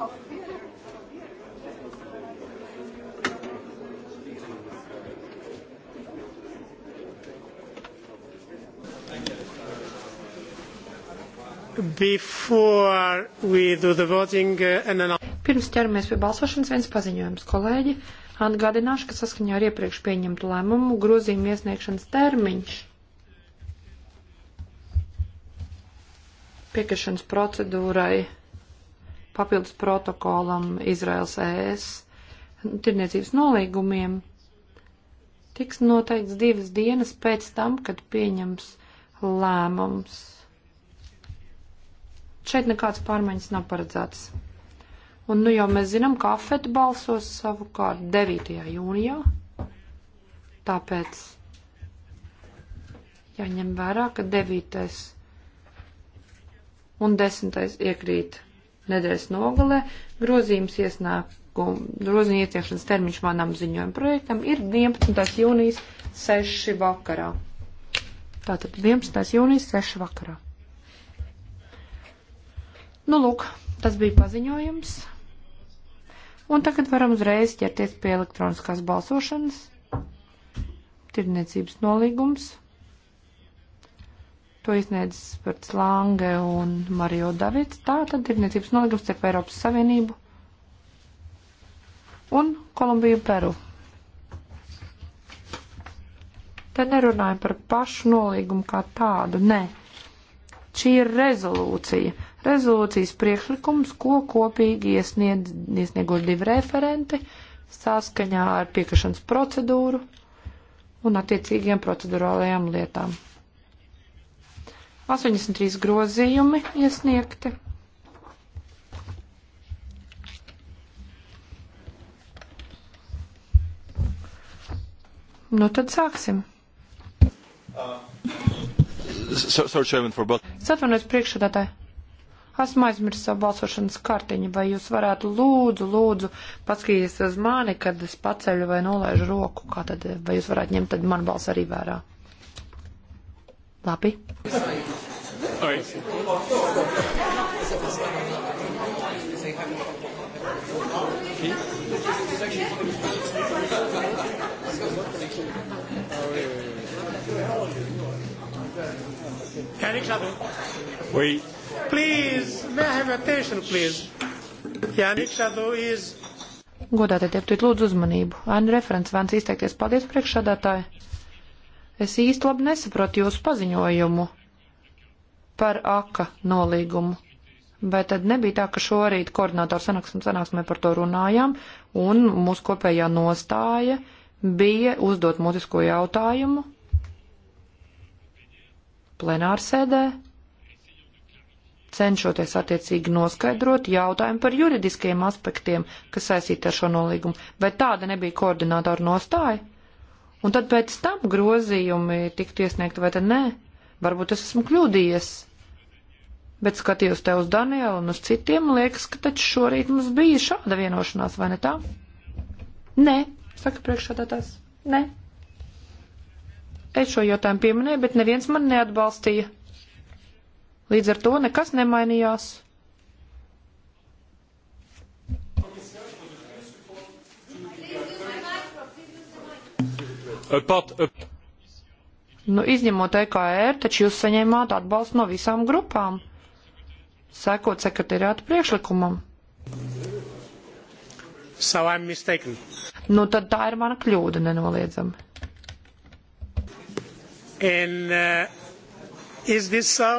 Uh, Pirms ķeramies pie balsošanas, viens paziņojums, kolēģi. Atgādināšu, ka saskaņā ar iepriekš pieņemtu lēmumu grozījuma iesniegšanas termiņš piekrišanas procedūrai papildus protokolam Izraels ES tirniecības nolīgumiem tiks noteikts divas dienas pēc tam, kad pieņems lēmums. Šeit nekāds pārmaiņas nav paredzēts. Un nu jau mēs zinām, ka AFET balsos savukārt 9. jūnijā. Tāpēc jāņem vērā, ka 9. un 10. iekrīt nedēļas nogalē. Grozījums iesnākuma, grozījuma ietiekšanas termiņš manam ziņojuma projektam ir 11. jūnijas 6. vakarā. Tātad 11. jūnijas 6. vakarā. Nu, lūk, tas bija paziņojums. Un tagad varam uzreiz ķerties pie elektroniskās balsošanas. Tirniecības nolīgums. To izniedz Spērts Lange un Mario Davids. Tā tad tirdzniecības nolīgums starp Eiropas Savienību un Kolumbiju Peru. Te nerunājam par pašu nolīgumu kā tādu, nē. Šī ir rezolūcija. Rezolūcijas priekšlikums, ko kopīgi iesniedz, iesnieguši divi referenti saskaņā ar piekrišanas procedūru un attiecīgiem procedurālajām lietām. 83 grozījumi iesniegti. Nu tad sāksim. Satvainojiet priekšsēdētāji. Esmu aizmirsis savu balsošanas kartiņu, vai jūs varētu lūdzu, lūdzu, paskatīties uz mani, kad es paceļu vai nolaižu roku, kā tad, vai jūs varētu ņemt tad man balsu arī vērā. Labi. Oi. Oui. Please, may I have attention, please? Janik Šadu is. Godātie deputāti, lūdzu uzmanību. Ainu referents vēns izteikties. Paldies, priekšsādātāji. Es īsti labi nesaprotu jūsu paziņojumu par aka nolīgumu. Bet tad nebija tā, ka šorīt koordinātoru sanāksmē, sanāksmē par to runājām, un mūsu kopējā nostāja bija uzdot mutisko jautājumu plenārsēdē, cenšoties attiecīgi noskaidrot jautājumu par juridiskiem aspektiem, kas saistīti ar šo nolīgumu. Vai tāda nebija koordinātoru nostāja? un tad pēc tam grozījumi tiktu iesniegti vai tad nē. Varbūt es esmu kļūdījies. Bet skatījos te uz Danielu un uz citiem, liekas, ka taču šorīt mums bija šāda vienošanās, vai ne tā? Nē, saka priekšādātājs. Nē. Es šo jautājumu pieminēju, bet neviens man neatbalstīja. Līdz ar to nekas nemainījās. pat. Nu, izņemot EKR, taču jūs saņēmāt atbalstu no visām grupām, sekot sekretariātu priekšlikumam. So I'm mistaken. Nu, tad tā ir mana kļūda nenoliedzami. And, uh, is this so?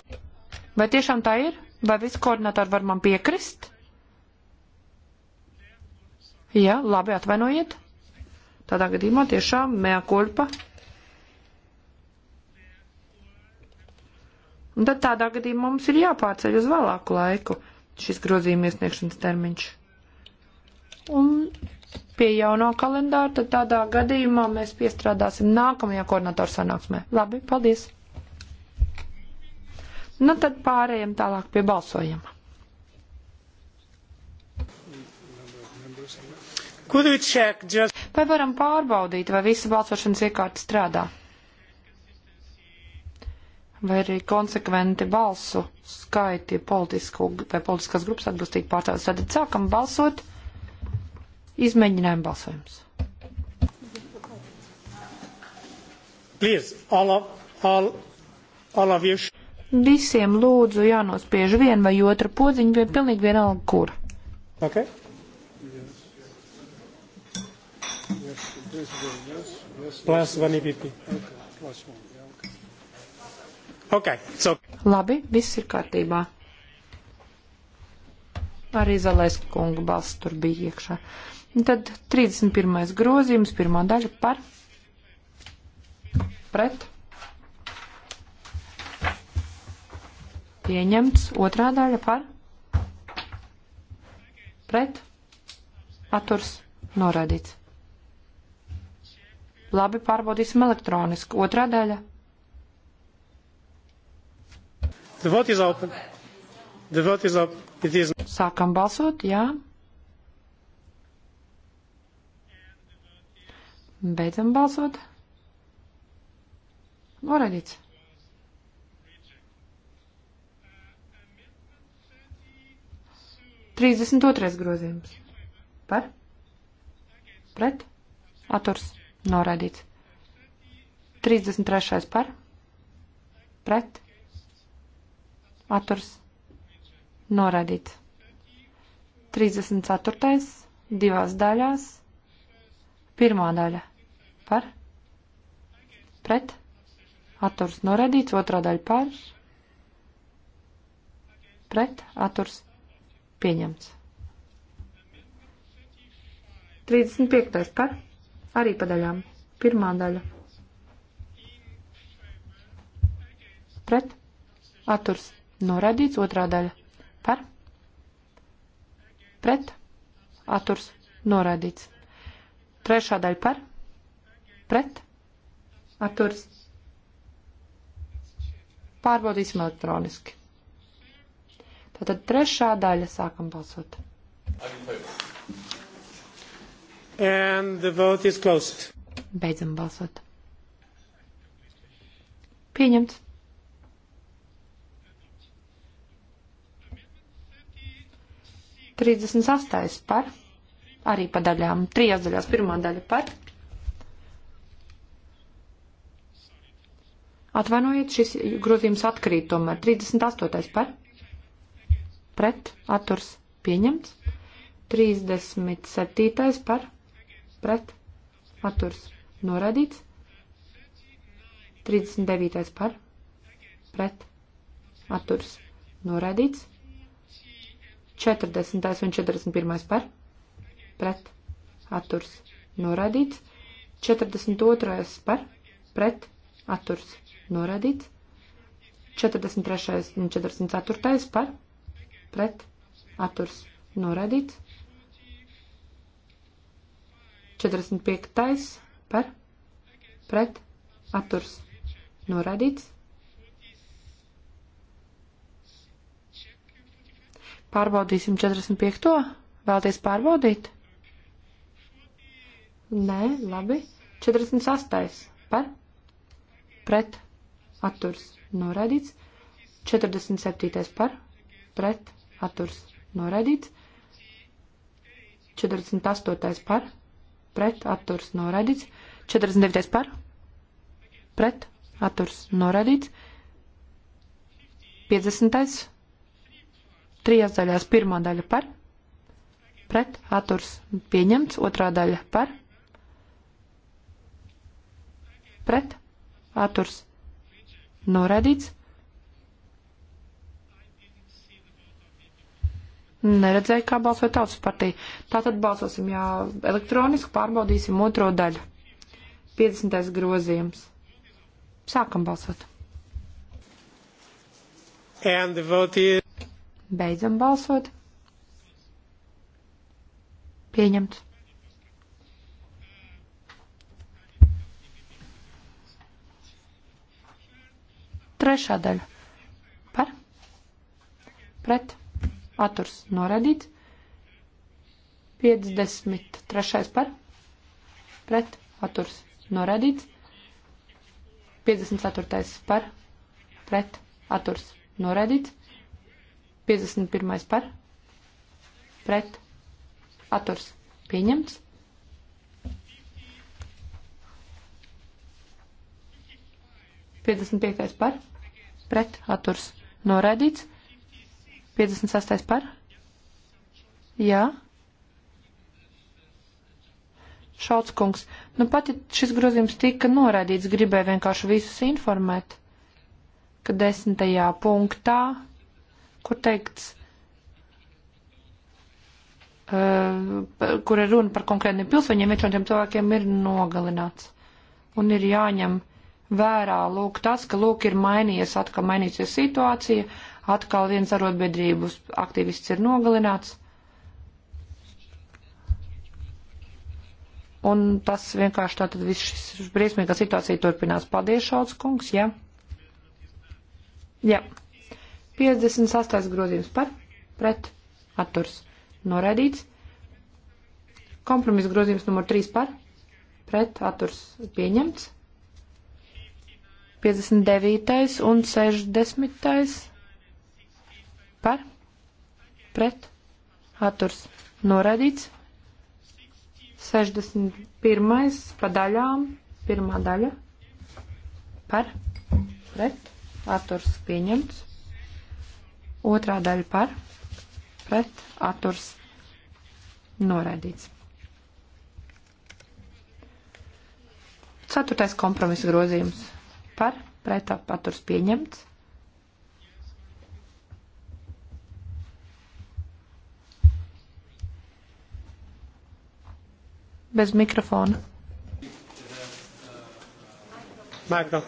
Vai tiešām tā ir? Vai visi koordinatori var man piekrist? Jā, labi, atvainojiet. Tādā gadījumā tiešām mea kulpa. Un tad tādā gadījumā mums ir jāpārceļ uz vēlāku laiku šis grozījuma iesniegšanas termiņš. Un pie jauno kalendāra, tad tādā gadījumā mēs piestrādāsim nākamajā koordinatoru sanāksmē. Labi, paldies! Nu tad pārējiem tālāk pie balsojuma. Vai varam pārbaudīt, vai visa balsošanas iekārta strādā? Vai arī konsekventi balsu skaiti politisku vai politiskās grupas atbilstīgi pārstāvis. Tad sākam balsot. Izmēģinājumu balsojums. Please, all of, all, all of you. Visiem lūdzu jānospiež vien vai otra podziņa, vai pilnīgi vienalga kura. Okay. yes, yes, yes. Plus one EPP. Okay, plus one, yeah, okay. Okay, so. Labi, viss ir kārtībā. Arī zalais kunga balss tur bija iekšā. Un tad 31. grozījums, pirmā daļa par pret. Pieņemts, otrā daļa par pret. Aturs noraidīts. Labi, pārbaudīsim elektroniski. Otrā daļa. The vote is open. The vote is open. It is... Sākam balsot, jā. Beidzam balsot. Noraidīts. Trīsdesmit otrais grozījums. Par? Pret? Aturs. Noraidīts. 33. par. Pret. Atturs. Noraidīts. 34. divās daļās. Pirmā daļa par, pret, atturs noraidīts, otrā daļa par, pret, atturs pieņemts. 35. par. Arī pa daļām. Pirmā daļa. Pret. Atturs. Noraidīts. Otrā daļa. Par. Pret. Atturs. Noraidīts. Trešā daļa par. Pret. Atturs. Pārbaudīsim elektroniski. Tātad trešā daļa sākam balsot. Arī And the vote is closed. Beidzam balsot. Pieņemts. Trīsdesmit sastais par, arī pa daļām, trijās daļās, pirmā daļa par. Atvainojiet, šis grozījums atkrīt tomēr. 38. par. Pret. Atturs. Pieņemts. 37. par pret, atturs, noraidīts. 39. par, pret, atturs, noraidīts. 40. un 41. par, pret, atturs, noraidīts. 42. par, pret, atturs, noraidīts. 43. un 44. par, pret, atturs, noraidīts. 45. par pret atturs noraidīts. Pārbaudīsim 45. Vēlties pārbaudīt? Nē, labi. 48. par pret atturs noraidīts. 47. par pret atturs noraidīts. 48. par pret atturs noraidīts. 49. par pret atturs noraidīts. 50. trijās daļās pirmā daļa par pret atturs pieņemts, otrā daļa par pret atturs noraidīts. Neredzēju, kā balsoja tautas partija. Tātad balsosim, jā, elektroniski pārbaudīsim otro daļu. 50. grozījums. Sākam balsot. And the vote is... Beidzam balsot. Pieņemts. Trešā daļa. Par? Pret? atturs noraidīts. 53. par pret atturs noraidīts. 54. par pret atturs noraidīts. 51. par pret atturs pieņemts. 55. par pret atturs noraidīts. 58. par? Jā. Šauts kungs, nu pat, ja šis grozījums tika noraidīts, gribēju vienkārši visus informēt, ka desmitajā punktā, kur teikts, uh, kur ir runa par konkrētiem pilsoņiem, viens no tiem cilvēkiem ir nogalināts. Un ir jāņem vērā, lūk, tas, ka, lūk, ir mainījies atkal mainīsies situācija, atkal viens arotbiedrības aktivists ir nogalināts. Un tas vienkārši tātad viss šis briesmīgā situācija turpinās. Paldies, Šauts kungs, jā. Jā. 58. grozījums par, pret, atturs, noraidīts. Kompromis grozījums numur 3 par, pret, atturs, pieņemts. 59. un 60. Par? Pret? Atturs noraidīts. 61. pa daļām. Pirmā daļa. Par? Pret? Atturs pieņemts. Otrā daļa par? Pret? Atturs noraidīts. Ceturtais kompromisa grozījums par pretā paturs pieņemts. bez mikrofona. Mikro.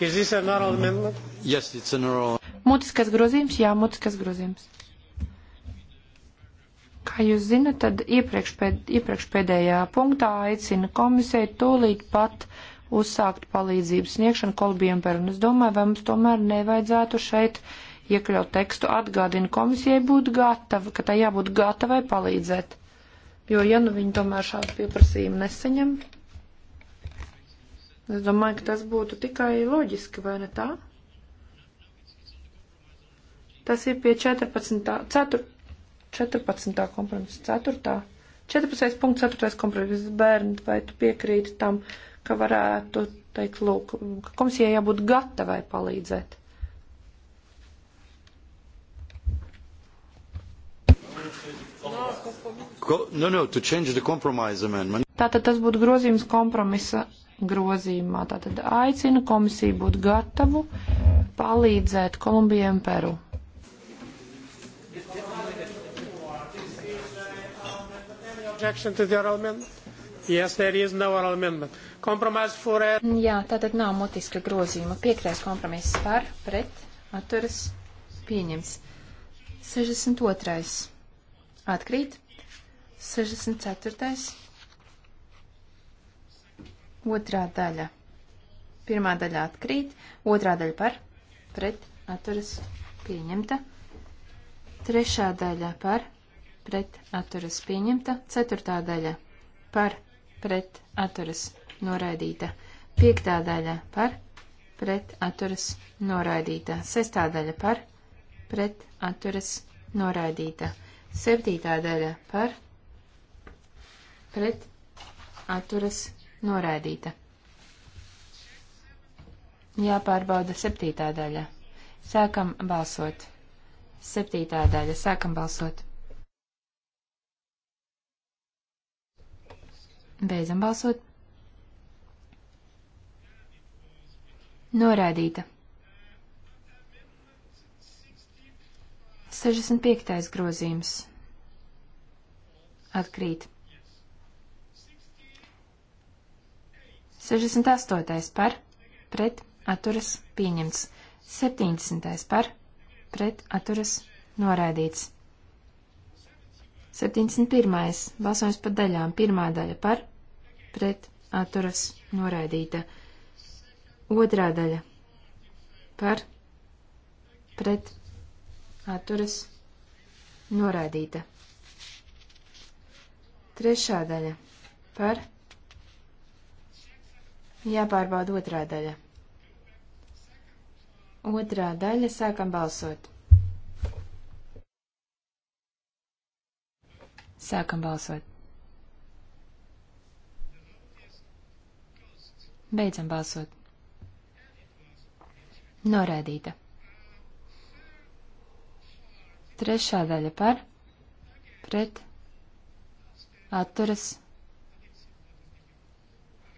Is this an oral amendment? Yes, it's an oral. Mutiskas grozījums, jā, mutiskas grozījums. Kā jūs zinat, tad iepriekš, pēd, iepriekš pēdējā punktā aicina komisiju tūlīt pat uzsākt palīdzības sniegšanu Kolbijam par, un es domāju, vai mums tomēr nevajadzētu šeit iekļaut tekstu atgādina komisijai būt gatava, ka tai jābūt gatavai palīdzēt. Jo, ja nu viņi tomēr šādu pieprasījumu nesaņem, es domāju, ka tas būtu tikai loģiski, vai ne tā? Tas ir pie 14. 4, 14. kompromisa 4. 14.4. kompromiss bērni, vai tu piekrīti tam, ka varētu teikt, lūk, ka komisijai jābūt gatavai palīdzēt? Co no, no, to change the compromise amendment. Tātad tas būtu grozījums kompromisa grozījumā. Tātad aicina komisiju būt gatavu palīdzēt Kolumbijai un Peru. Yes, no Jā, tātad nav mutiska grozījuma. Piektais kompromiss par, pret, atturas, pieņems. 62. Atkrīt. 64. Otrā daļa. Pirmā daļa atkrīt, otrā daļa par, pret, atturas, pieņemta. Trešā daļa par, pret, atturas, pieņemta. Ceturtā daļa par, pret, atturas, noraidīta. Piektā daļa par, pret, atturas, noraidīta. Sestā daļa par, pret, atturas, noraidīta. Septītā daļa par, pret atturas noraidīta. Jāpārbauda septītā daļa. Sākam balsot. Septītā daļa. Sākam balsot. Beidzam balsot. Noraidīta. 65. grozījums. Atkrīt. 68. par pret atturas pieņemts. 70. par pret atturas noraidīts. 71. balsojums par daļām. Pirmā daļa par pret atturas noraidīta. Otrā daļa par pret atturas noraidīta. Trešā daļa par pret Jāpārbauda otrā daļa. Otrā daļa sākam balsot. Sākam balsot. Beidzam balsot. Norādīta. Trešā daļa par, pret, atturas,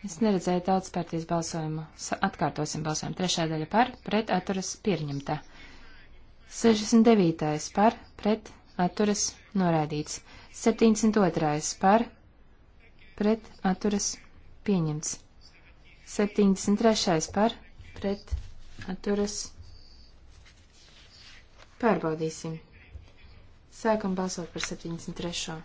Es neredzēju daudz partijas balsojumu. Sa atkārtosim balsojumu. Trešā daļa par, pret, atturas, pieņemta. 69. par, pret, atturas, noraidīts. 72. par, pret, atturas, pieņemts. 73. par, pret, atturas, pārbaudīsim. Sākam balsot par 73.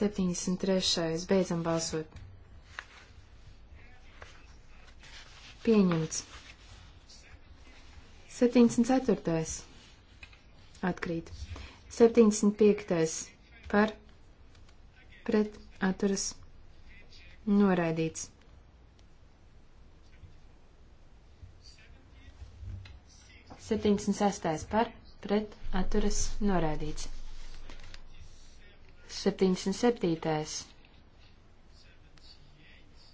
73. Beidzam balsot. Pieņemts. 74. Atkrīt. 75. Par. Pret. Atturas. Noraidīts. 76. Par. Pret. Atturas. Noraidīts. 77.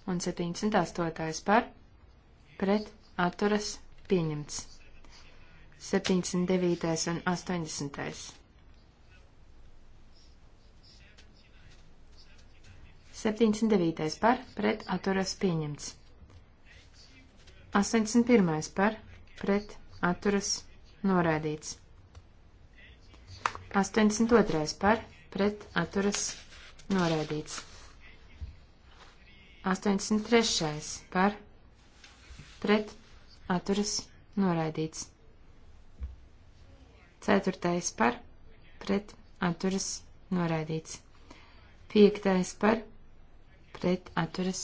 un 78. par pret atturas pieņemts. 79. un 80. 79. par pret atturas pieņemts. 81. par pret atturas noraidīts. 82. par pret atturas noraidīts. 83. par pret atturas noraidīts. 4. par pret atturas noraidīts. 5. par pret atturas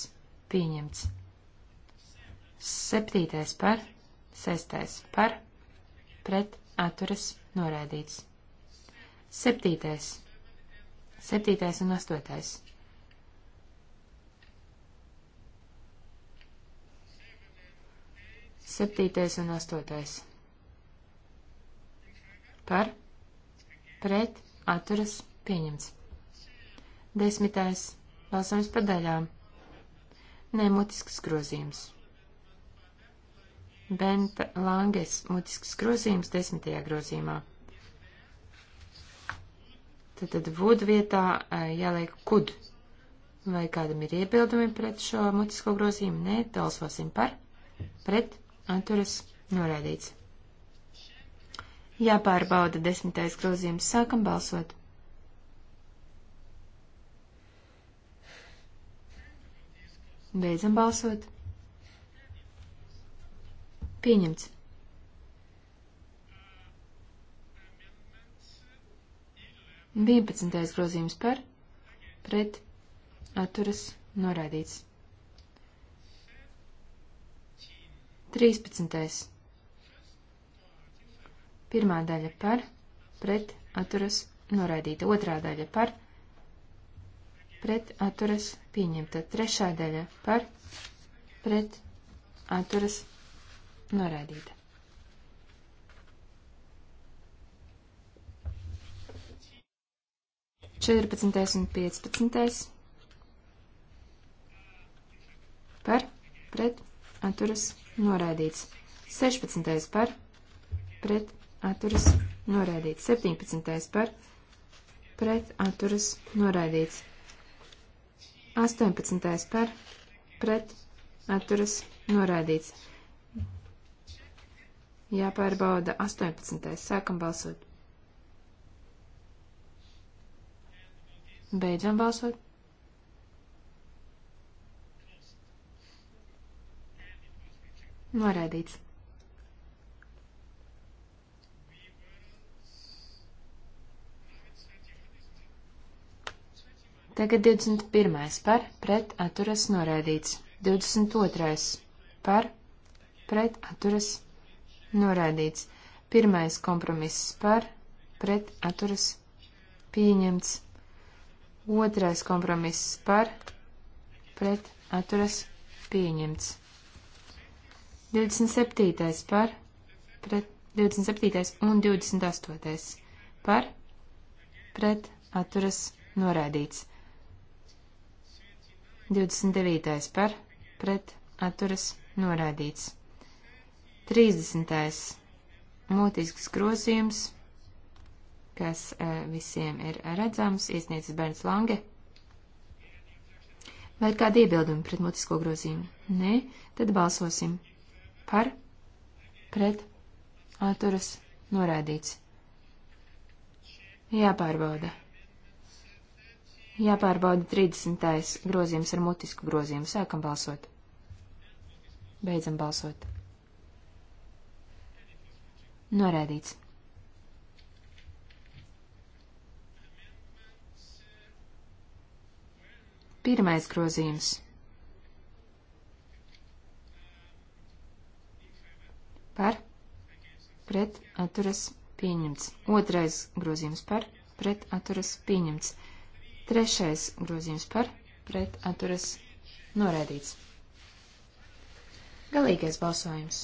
pieņemts. 7. par 6. par pret atturas noraidīts. 7. Septītais un astotais. Septītais un astotais. Par, pret, atturas, pieņemts. Desmitais. Balsojums par daļām. Nē, mutisks grozījums. Benta Langes mutisks grozījums desmitajā grozījumā. Tātad nu, would vietā jāliek could. Vai kādam ir iebildumi pret šo mutisko grozījumu? Nē, balsosim par. Pret atturas norādīts. Jāpārbauda desmitais grozījums. Sākam balsot. Beidzam balsot. Pieņemts. 11. grozījums par, pret, atturas, noraidīts. 13. Pirmā daļa par, pret, atturas, noraidīta. Otrā daļa par, pret, atturas, pieņemta. Trešā daļa par, pret, atturas, noraidīta. 14. un 15. par, pret, atturas, noraidīts. 16. par, pret, atturas, noraidīts. 17. par, pret, atturas, noraidīts. 18. par, pret, atturas, noraidīts. Jāpārbauda 18. sākam balsot. Beidzam balsot. Noraidīts. Tagad 21. par pret atturas noraidīts. 22. par pret atturas noraidīts. 1. kompromiss par pret atturas pieņemts. Otrais kompromiss par pret atturas pieņemts. 27. par pret 27. un 28. par pret atturas norādīts. 29. par pret atturas norādīts. 30. mūtisks grozījums kas e, visiem ir redzams, iesniedzis Bērns Lange. Vai ir kādi iebildumi pret mutisko grozījumu? Nē, tad balsosim. Par, pret, atturas, norādīts. Jāpārbauda. Jāpārbauda 30. grozījums ar mutisku grozījumu. Sākam balsot. Beidzam balsot. Norādīts. Pirmais grozījums. Par, pret, atturas, pieņemts. Otrais grozījums par, pret, atturas, pieņemts. Trešais grozījums par, pret, atturas, noraidīts. Galīgais balsojums.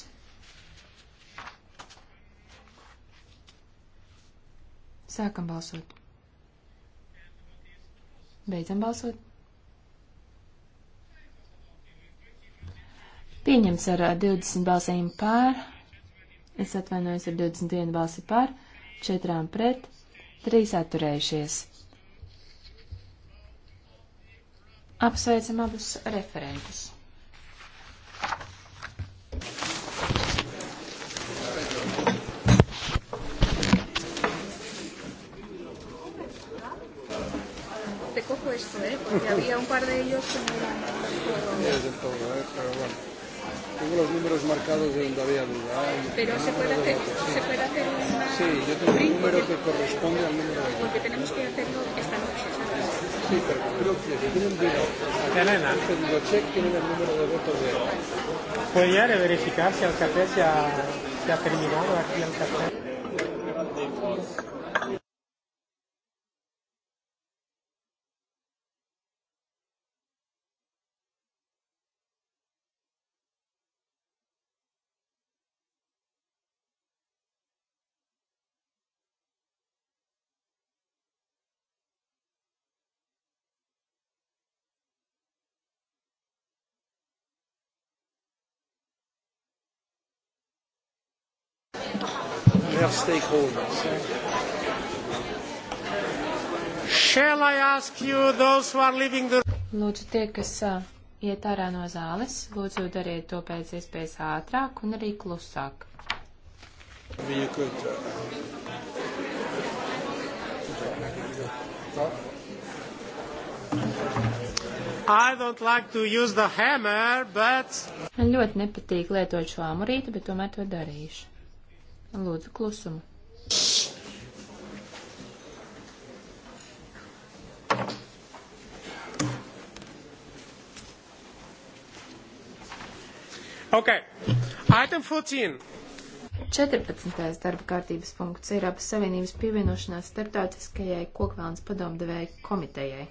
Sākam balsot. Beidzam balsot. Pieņems ar 20 balsīm pār, es atvainojos ar 21 balsi pār, 4 pret, 3 atturējušies. Apsveicam abus referentus. Te cojo esto, ¿eh? Porque había un par de ellos que no eran del todo, ¿eh? pero bueno. Tengo los números marcados de donde había duda. Hay ¿eh? Pero se puede, hacer, votos, sí. se puede hacer una... Sí, yo tengo un número que corresponde al número de votos. Porque tenemos que hacerlo esta noche. Sí, pero creo que si tienen vino, Elena. un pedido check tienen el número de votos de... Puoi verificare se al caffè sia, sia terminato aquí al caffè? our stakeholders. Shall I ask you, those who are leaving the... Lūdzu, tie, kas uh, iet ārā no zāles, lūdzu, dariet to pēc iespējas ātrāk un arī klusāk. Maybe you could... Uh... I don't like to use the hammer, but... Man ļoti nepatīk lietot šo amurīti, bet tomēr to darīšu. Lūdzu, klusumu. Okay. Item 14. 14. darba kārtības punkts ir Eiropas Savienības pievienošanās starptautiskajai kokvēlnes padomdevēja komitejai.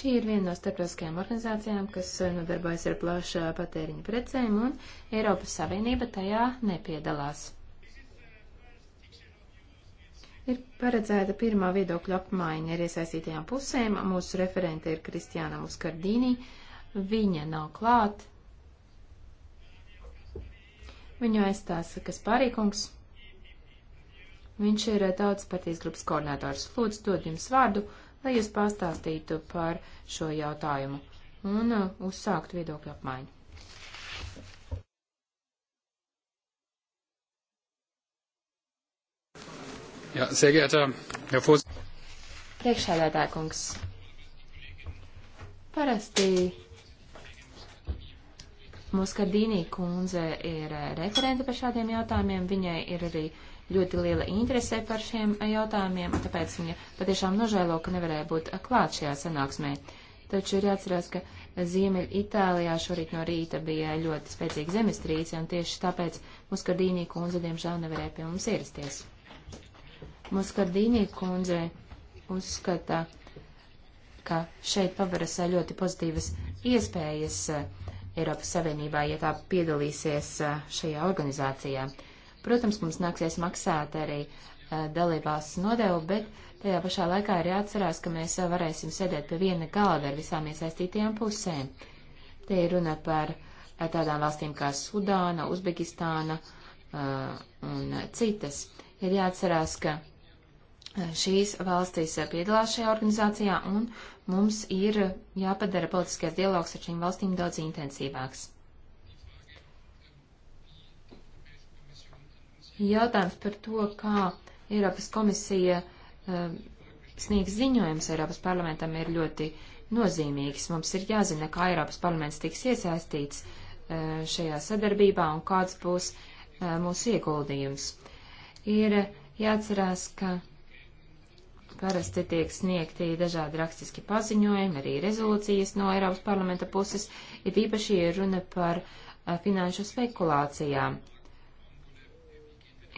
Šī ir viena no starptautiskajām organizācijām, kas eh, nodarbojas ar plašu patēriņu precēm, un Eiropas Savienība tajā nepiedalās. Ir paredzēta pirmā viedokļa apmaiņa ar iesaistītajām pusēm. Mūsu referente ir Kristiāna Muskardīnī. Viņa nav klāt. Viņu aizstās Kaspārīkungs. Viņš ir eh, tautas partijas grupas koordinators. Lūdzu, dod jums vārdu lai jūs pastāstītu par šo jautājumu un uh, uzsākt viedokļu apmaiņu. Ja, sehr geehrter Herr Vorsitzender. Priekšsēdētāja kungs. Parasti Muskardīnī kundze ir uh, referente par šādiem jautājumiem, viņai ir arī uh, ļoti liela interese par šiem jautājumiem, tāpēc viņa patiešām nožēlo, ka nevarēja būt klāt šajā sanāksmē. Taču ir jāatcerās, ka Ziemeļa Itālijā šorīt no rīta bija ļoti spēcīga zemestrīce, un tieši tāpēc Muskardīnī kundze, diemžēl, nevarēja pie mums ierasties. Muskardīnī kundze uzskata, ka šeit paveras ļoti pozitīvas iespējas eh, Eiropas Savienībā, ja tā piedalīsies eh, šajā organizācijā. Protams, mums nāksies maksāt arī uh, dalībās nodevu, bet tajā pašā laikā ir jāatcerās, ka mēs eh, varēsim sēdēt pie viena galda ar visām iesaistītajām pusēm. Te ir runa par uh, tādām valstīm kā Sudāna, Uzbekistāna uh, un citas. Ir jāatcerās, ka šīs valstīs piedalās šajā organizācijā, un mums ir jāpadara politiskais dialogs ar šīm valstīm daudz intensīvāks. jautājums par to, kā Eiropas komisija um, sniegs ziņojums Eiropas parlamentam ir ļoti nozīmīgs. Mums ir jāzina, kā Eiropas parlaments tiks iesaistīts uh, šajā sadarbībā un kāds būs uh, mūsu ieguldījums. Ir jāatcerās, ka parasti tiek sniegti dažādi rakstiski paziņojumi, arī rezolūcijas no Eiropas parlamenta puses, ir īpaši runa par a, uh, finanšu spekulācijām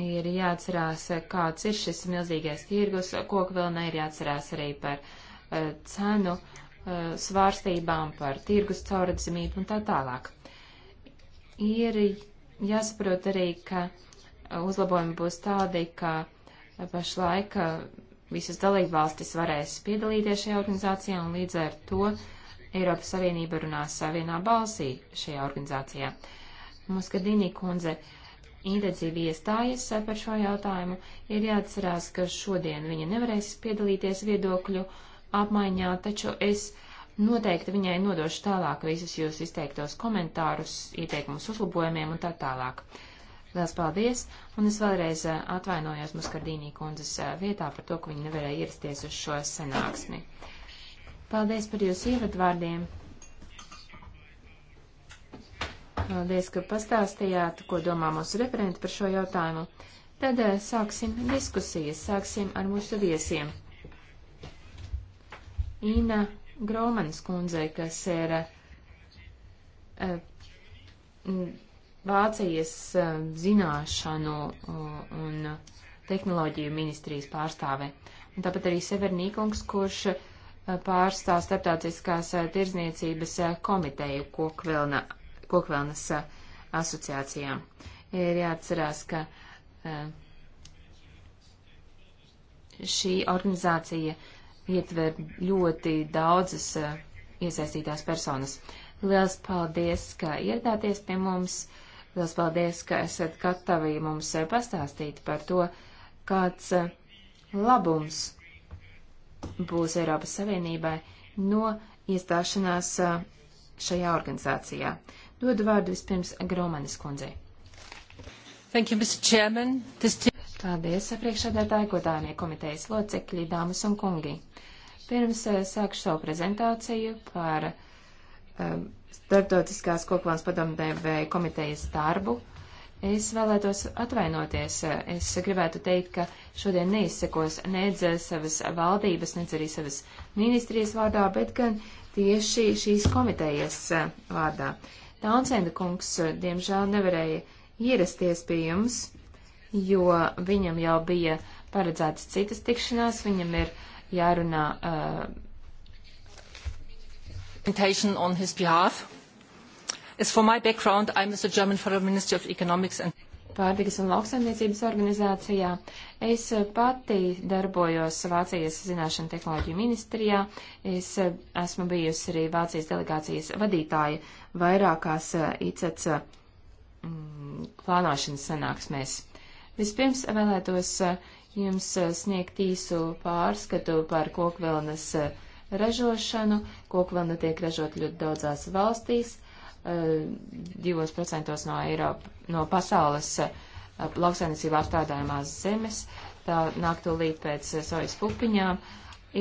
ir jāatcerās, kāds ir šis milzīgais tirgus, koku vilna ir jāatcerās arī par uh, cenu uh, svārstībām, par tirgus caurredzamību un tā tālāk. Ir jāsaprot arī, ka uzlabojumi būs tādi, ka pašlaik eh, visas dalībvalstis varēs piedalīties šajā organizācijā un līdz ar to Eiropas Savienība runās savienā balsī šajā organizācijā. Muskadīnī kundze uh, intensīvi iestājas par šo jautājumu, ir jāatcerās, ka šodien viņa nevarēs piedalīties viedokļu apmaiņā, taču es noteikti viņai nodošu tālāk visus jūs izteiktos komentārus, ieteikumus uzlabojumiem un tā tālāk. Lielas paldies, un es vēlreiz eh, atvainojos Muskardīnī kundzes eh, vietā par to, ka viņa nevarēja ierasties uz šo sanāksmi. Paldies par jūsu ievadvārdiem! Paldies, ka pastāstījāt, ko domā mūsu referenti par šo jautājumu. Tad eh, sāksim diskusijas, sāksim ar mūsu viesiem. Ina Gromanis kundzei, kas ir uh, Vācijas uh, zināšanu uh, un tehnoloģiju ministrijas pārstāve. Un tāpat arī Severnīkungs, kurš pārstāv starptautiskās tirdzniecības komiteju Kokvilna kokvēlnes asociācijām. Ir jāatcerās, ka šī organizācija ietver ļoti daudzas iesaistītās personas. Liels paldies, ka ieradāties pie mums. Liels paldies, ka esat gatavi mums pastāstīt par to, kāds labums būs Eiropas Savienībai no iestāšanās šajā organizācijā. Dodu vārdu vispirms Gromanis kundzei. Thank you, Mr. Chairman. This... Paldies, priekšādātāji, godāmie komitejas locekļi, dāmas un kungi. Pirms eh, sākšu savu prezentāciju par um, eh, Startautiskās koplāns padomdevēja komitejas darbu. Es vēlētos atvainoties. Eh, es gribētu teikt, ka šodien neizsekos nedz savas valdības, nedz arī savas ministrijas vārdā, bet gan tieši šīs komitejas vārdā. Uh, Taunsenda kungs, eh, diemžēl, nevarēja ierasties pie jums, jo viņam jau bija paredzētas citas tikšanās, viņam ir jārunā. Uh, On his behalf. As for my background, I'm as a German Federal Minister of Economics and pārtikas un lauksaimniecības organizācijā. Es pati darbojos Vācijas zināšanu tehnoloģiju ministrijā. Es esmu bijusi arī Vācijas delegācijas vadītāja vairākās eh, ICETS mm, plānošanas sanāksmēs. Vispirms vēlētos eh, jums eh, sniegt īsu pārskatu par kokvilnas ražošanu. Kokvilna tiek ražot ļoti daudzās valstīs. 2% eh, no, Eiropa, no pasaules eh, lauksainicībā apstrādājumās zemes, tā nāk tūlīt pēc eh, sojas pupiņām.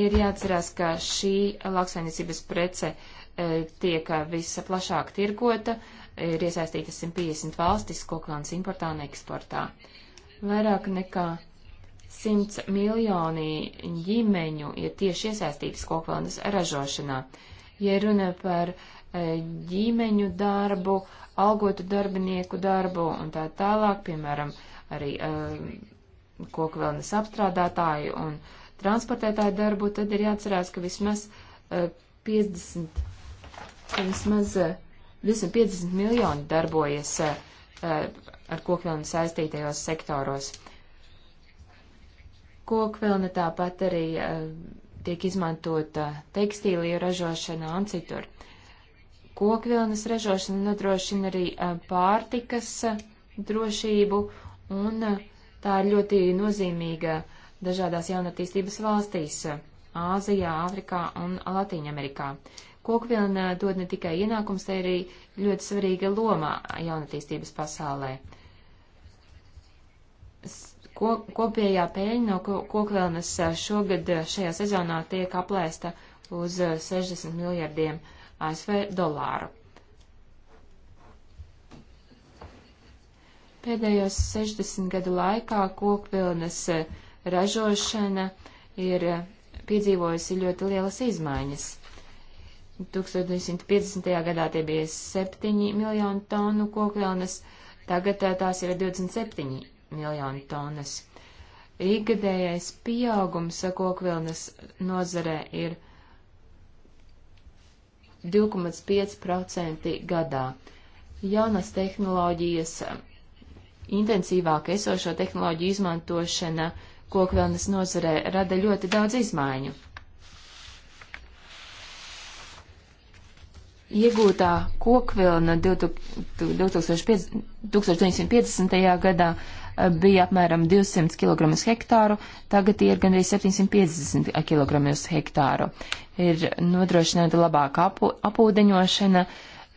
Ir jāatcerās, ka šī lauksainicības prece tiek visplašāk tirgota, ir iesaistītas 150 valstis kokāns importā un eksportā. Vairāk nekā 100 miljoni ģimeņu ir tieši iesaistītas kokvilnas ražošanā ja runa par e, ģimeņu darbu, algotu darbinieku darbu un tā tālāk, piemēram, arī e, koku vēlnes apstrādātāju un transportētāju darbu, tad ir jāatcerās, ka vismaz 50, e, ka vismaz 250 miljoni darbojas ar kokvilnu saistītajos sektoros. Kokvilna tāpat arī tiek izmantota tekstīlija ražošana un citur. Kokvilnas ražošana nodrošina arī pārtikas drošību un tā ir ļoti nozīmīga dažādās jaunatīstības valstīs - Āzijā, Āfrikā un Latīņamerikā. Kokvilna dod ne tikai ienākums, tai arī ļoti svarīga loma jaunatīstības pasaulē. Ko, kopējā peļņa no kokvilnas šogad šajā sezonā tiek aplēsta uz 60 miljardiem ASV dolāru. Pēdējos 60 gadu laikā kokvilnas ražošana ir piedzīvojusi ļoti lielas izmaiņas. 1950. gadā tie bija 7 miljonu tonu kokvilnas, tagad tās ir 27 miljonu tonnas. Ikgadējais pieaugums kokvilnas nozarē ir 2,5% gadā. Jaunas tehnoloģijas, intensīvāk esošo tehnoloģiju izmantošana kokvilnas nozarē rada ļoti daudz izmaiņu. iegūtā kokvilna 2050, 1950. gadā bija apmēram 200 kg uz hektāru, tagad tie ir gandrīz 750 kg uz hektāru. Ir nodrošināta labāka apu, apūdeņošana,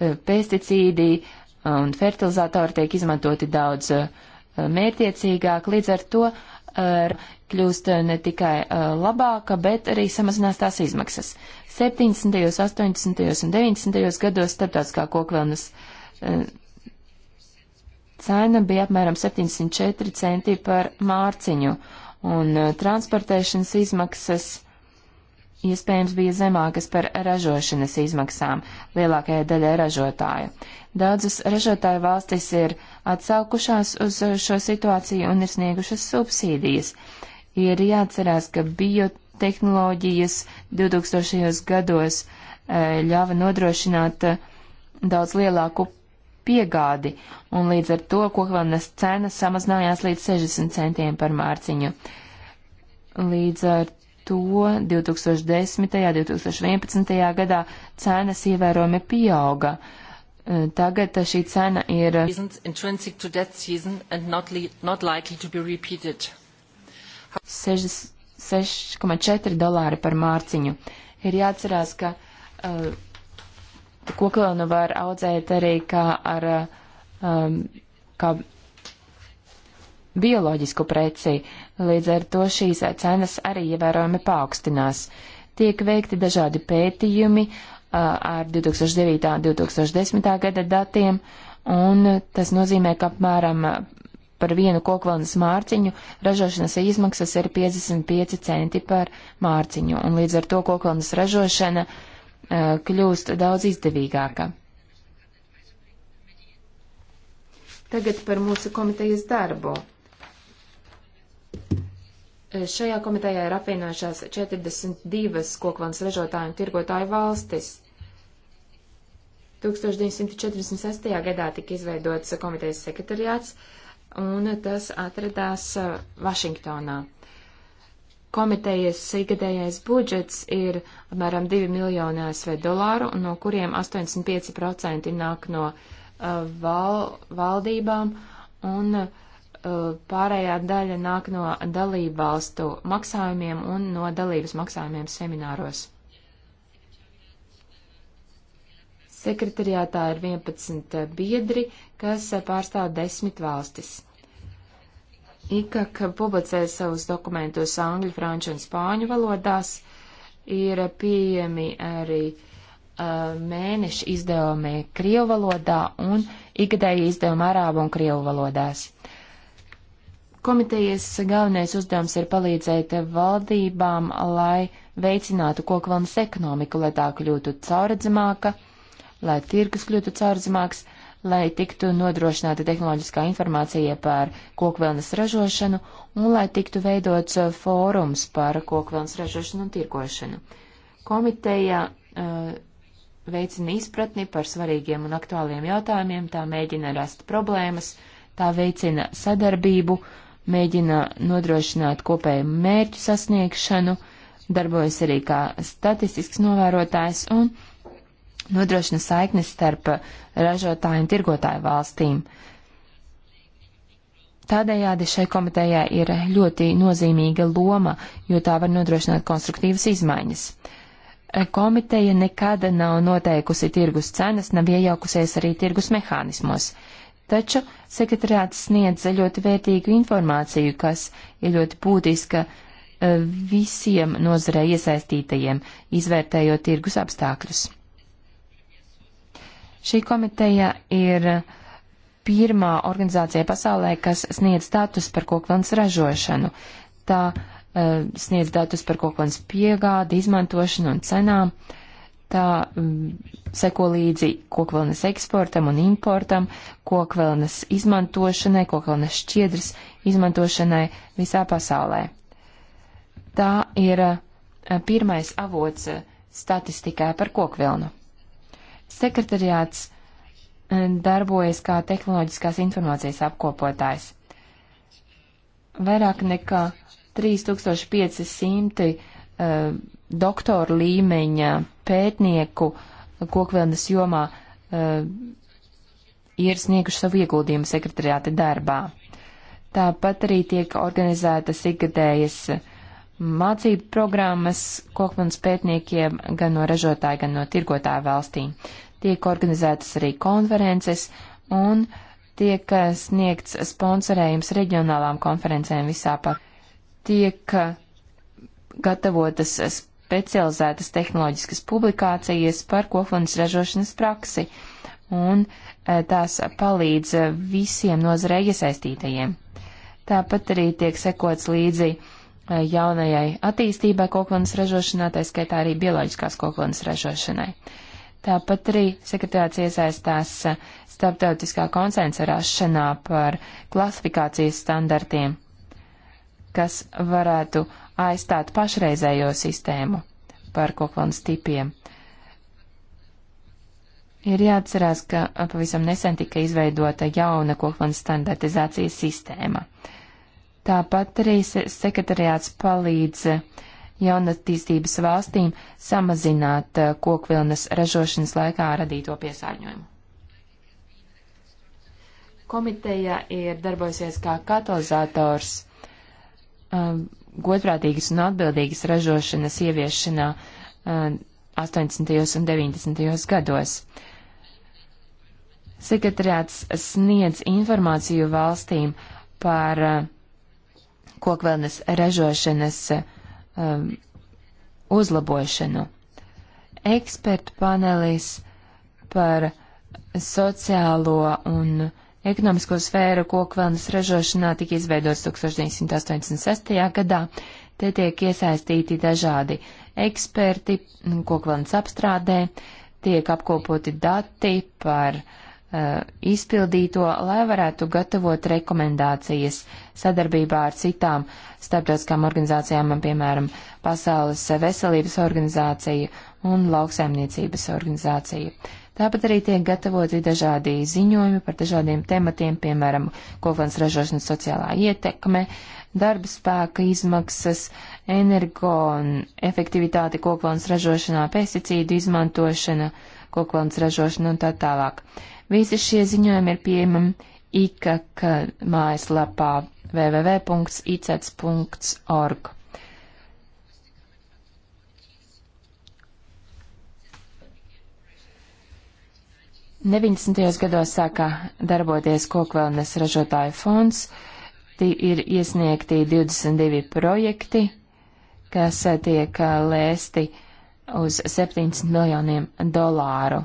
e, pesticīdi e, un fertilizatori tiek izmantoti daudz e, mērtiecīgāk, līdz ar to kļūst ne tikai labāka, bet arī samazinās tās izmaksas. 70., 80. un 90. gados starptautiskā kokvilnas Cena bija apmēram 704 centi par mārciņu, un uh, transportēšanas izmaksas iespējams bija zemākas par ražošanas izmaksām lielākajai daļai ražotāju. Daudzas ražotāju valstis ir atsaukušās uz uh, šo situāciju un ir sniegušas subsīdijas. Ir jāatcerās, ka biotehnoloģijas 2000. gados uh, ļāva nodrošināt daudz lielāku piegādi, un līdz ar to kokvilnas cena samazinājās līdz 60 centiem par mārciņu. Līdz ar to 2010. un 2011. gadā cenas ievērojami pieauga. E, tagad šī cena ir. Not li, not 6,4 dolāri par mārciņu. Ir jāatcerās, ka uh, koklonu var audzēt arī kā ar um, kā bioloģisku preci, līdz ar to šīs cenas arī ievērojami paaugstinās. Tiek veikti dažādi pētījumi uh, ar 2009. un 2010. gada datiem, un tas nozīmē, ka apmēram uh, par vienu kokvilnas mārciņu ražošanas izmaksas ir 55 centi par mārciņu, un līdz ar to kokvilnas ražošana uh, Uh, kļūst daudz izdevīgāka. Tagad par mūsu komitejas darbu. Uh, šajā komitejā ir apvienojušās 42 kokvans ražotāju un tirgotāju valstis. 1946. gadā tika izveidots komitejas sekretariāts, un tas atradās uh, Vašingtonā. Uh, Komitejas ikgadējais budžets ir apmēram 2 miljoni ASV dolāru, no kuriem 85% nāk no uh, val, valdībām un uh, pārējā daļa nāk no dalību valstu maksājumiem un no dalības maksājumiem semināros. Sekretariātā ir 11 biedri, kas uh, pārstāv 10 valstis. IKAK publicē savus dokumentus angļu, franču un spāņu valodās, ir pieejami arī uh, mēneša izdevumi krievu valodā un ikgadēji izdevumi arābu un krievu valodās. Komitejas galvenais uzdevums ir palīdzēt valdībām, lai veicinātu kokvilnas ekonomiku, lai tā kļūtu caurredzamāka, lai tirgus kļūtu caurredzamāks, lai tiktu nodrošināta tehnoloģiskā informācija par kokvilnas ražošanu un lai tiktu veidots uh, fórums par kokvilnas ražošanu un tirkošanu. Komiteja uh, veicina izpratni par svarīgiem un aktuāliem jautājumiem, tā mēģina rast problēmas, tā veicina sadarbību, mēģina nodrošināt kopēju mērķu sasniegšanu, darbojas arī kā statistisks novērotājs un nodrošina saiknes starp ražotāju un tirgotāju valstīm. Tādējādi šai komitejai ir ļoti nozīmīga loma, jo tā var nodrošināt konstruktīvas izmaiņas. Komiteja nekad nav noteikusi tirgus cenas, nav iejaukusies arī tirgus mehānismos. Taču sekretariāts sniedz ļoti vērtīgu informāciju, kas ir ļoti būtiska eh, visiem nozarē iesaistītajiem, izvērtējot tirgus apstākļus. Šī komiteja ir pirmā organizācija pasaulē, kas sniedz datus par koklans ražošanu. Tā uh, sniedz datus par koklans piegādi, izmantošanu un cenām. Tā um, seko līdzi kokvilnas eksportam un importam, kokvilnas izmantošanai, kokvilnas šķiedras izmantošanai visā pasaulē. Tā ir uh, pirmais avots uh, statistikai par kokvilnu. Sekretariāts eh, darbojas kā tehnoloģiskās informācijas apkopotājs. Vairāk nekā 3500 uh, eh, doktoru līmeņa pētnieku kokvilnas jomā uh, ir snieguši savu ieguldījumu sekretariāta darbā. Tāpat arī tiek organizētas ikgadējas uh, mācību programmas kokmanas pētniekiem gan no ražotāja, gan no tirgotāja valstīm. Tiek organizētas arī konferences un tiek eh, sniegts sponsorējums reģionālām konferencēm visā pa. Tiek eh, gatavotas specializētas tehnoloģiskas publikācijas par kokmanas ražošanas praksi un eh, tās palīdz visiem nozarei iesaistītajiem. Tāpat arī tiek sekots līdzi uh, Eh, jaunajai attīstībai kokvilnas ražošanā, tā skaitā arī bioloģiskās kokvilnas ražošanai. Tāpat arī sekretārāts iesaistās eh, starptautiskā konsensa rašanā par klasifikācijas standartiem, kas varētu aizstāt pašreizējo sistēmu par kokvilnas tipiem. Ir jāatcerās, ka eh, pavisam nesen tika izveidota jauna kokvilnas standartizācijas sistēma. Uh, Tāpat arī sekretariāts palīdz eh, jaunatīstības valstīm samazināt eh, kokvilnas ražošanas laikā radīto piesārņojumu. Komiteja ir darbojusies kā katalizators um, godprātīgas un atbildīgas ražošanas ieviešanā um, 80. un 90. gados. Sekretariāts sniedz informāciju valstīm par uh, kokvēlnes ražošanas um, uzlabošanu. Ekspertu panelis par sociālo un ekonomisko sfēru kokvēlnes ražošanā tika izveidots 1986. gadā. Te tiek iesaistīti dažādi eksperti kokvēlnes apstrādē, tiek apkopoti dati par uh, Eh, izpildīto, lai varētu gatavot rekomendācijas sadarbībā ar citām starptautiskām organizācijām, piemēram, Pasaules veselības organizāciju un lauksaimniecības organizāciju. Tāpat arī tiek gatavoti dažādi ziņojumi par dažādiem tematiem, piemēram, kopienas ražošanas sociālā ietekme, darba spēka izmaksas, energo un efektivitāte kokvilnas ražošanā, pesticīdu izmantošana, kokvilnas ražošana un tā tālāk. Uh, Visi šie ziņojumi ir pieejami IKK mājaslapā www.icats.org. E Neviņdesmitajos gados sāka darboties kokvēlnes ražotāju fonds, Tī ir iesniegti 22 projekti, kas tiek lēsti uz 70 miljoniem dolāru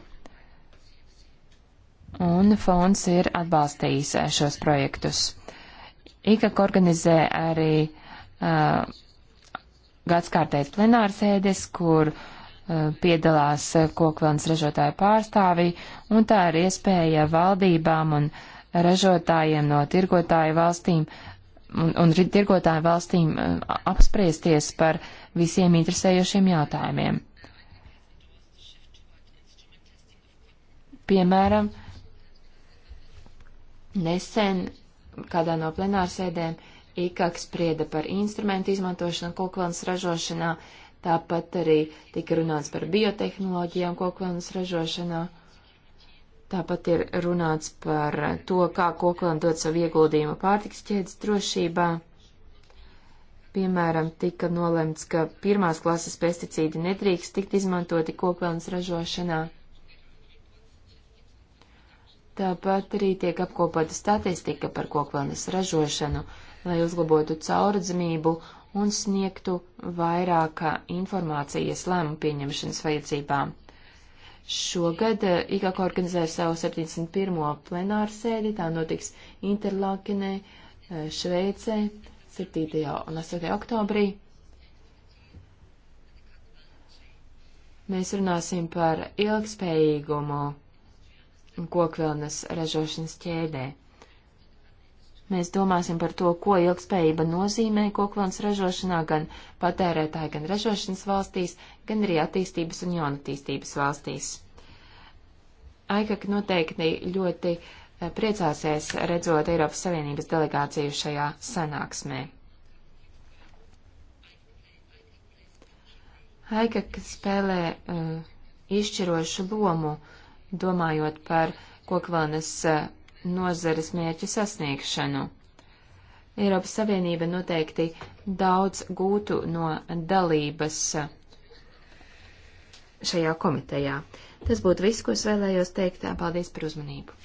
un fonds ir atbalstījis eh, šos projektus. IKAK organizē arī uh, gadskārtējas plenārsēdes, kur uh, piedalās kokvilnas ražotāju pārstāvī, un tā ir iespēja valdībām un ražotājiem no tirgotāju valstīm un, un tirgotāju valstīm apspriesties par visiem interesējošiem jautājumiem. Piemēram, uh, Nesen kādā no plenārsēdēm IKAK sprieda par instrumentu izmantošanu kokvilnas ražošanā, tāpat arī tika runāts par biotehnoloģijām kokvilnas ražošanā. Tāpat ir runāts par to, kā kokvilna dod savu ieguldījumu pārtiks ķēdes drošībā. Piemēram, tika nolemts, ka pirmās klases pesticīdi nedrīkst tikt izmantoti kokvilnas ražošanā. Tāpat arī tiek apkopota statistika par kokvilnas ražošanu, lai uzlabotu caurdzamību un sniegtu vairāk informācijas lēmu pieņemšanas vajadzībām. Šogad eh, IKK organizē savu 71. plenāru sēdi, tā notiks Interlakenē, eh, Šveicē, 7. un 8. oktobrī. Mēs runāsim par ilgspējīgumu kokvilnas ražošanas ķēdē. Mēs domāsim par to, ko ilgspējība nozīmē kokvilnas ražošanā gan patērētāji, gan ražošanas valstīs, gan arī attīstības un jaunatīstības valstīs. Aikak noteikti ļoti eh, priecāsies redzot Eiropas Savienības delegāciju šajā sanāksmē. Aikak spēlē uh, izšķirošu lomu uh, domājot par kokvilnas e, nozares mērķu sasniegšanu. Eiropas Savienība noteikti daudz gūtu no dalības e, šajā komitejā. Tas būtu viss, ko es vēlējos teikt. Paldies par uzmanību!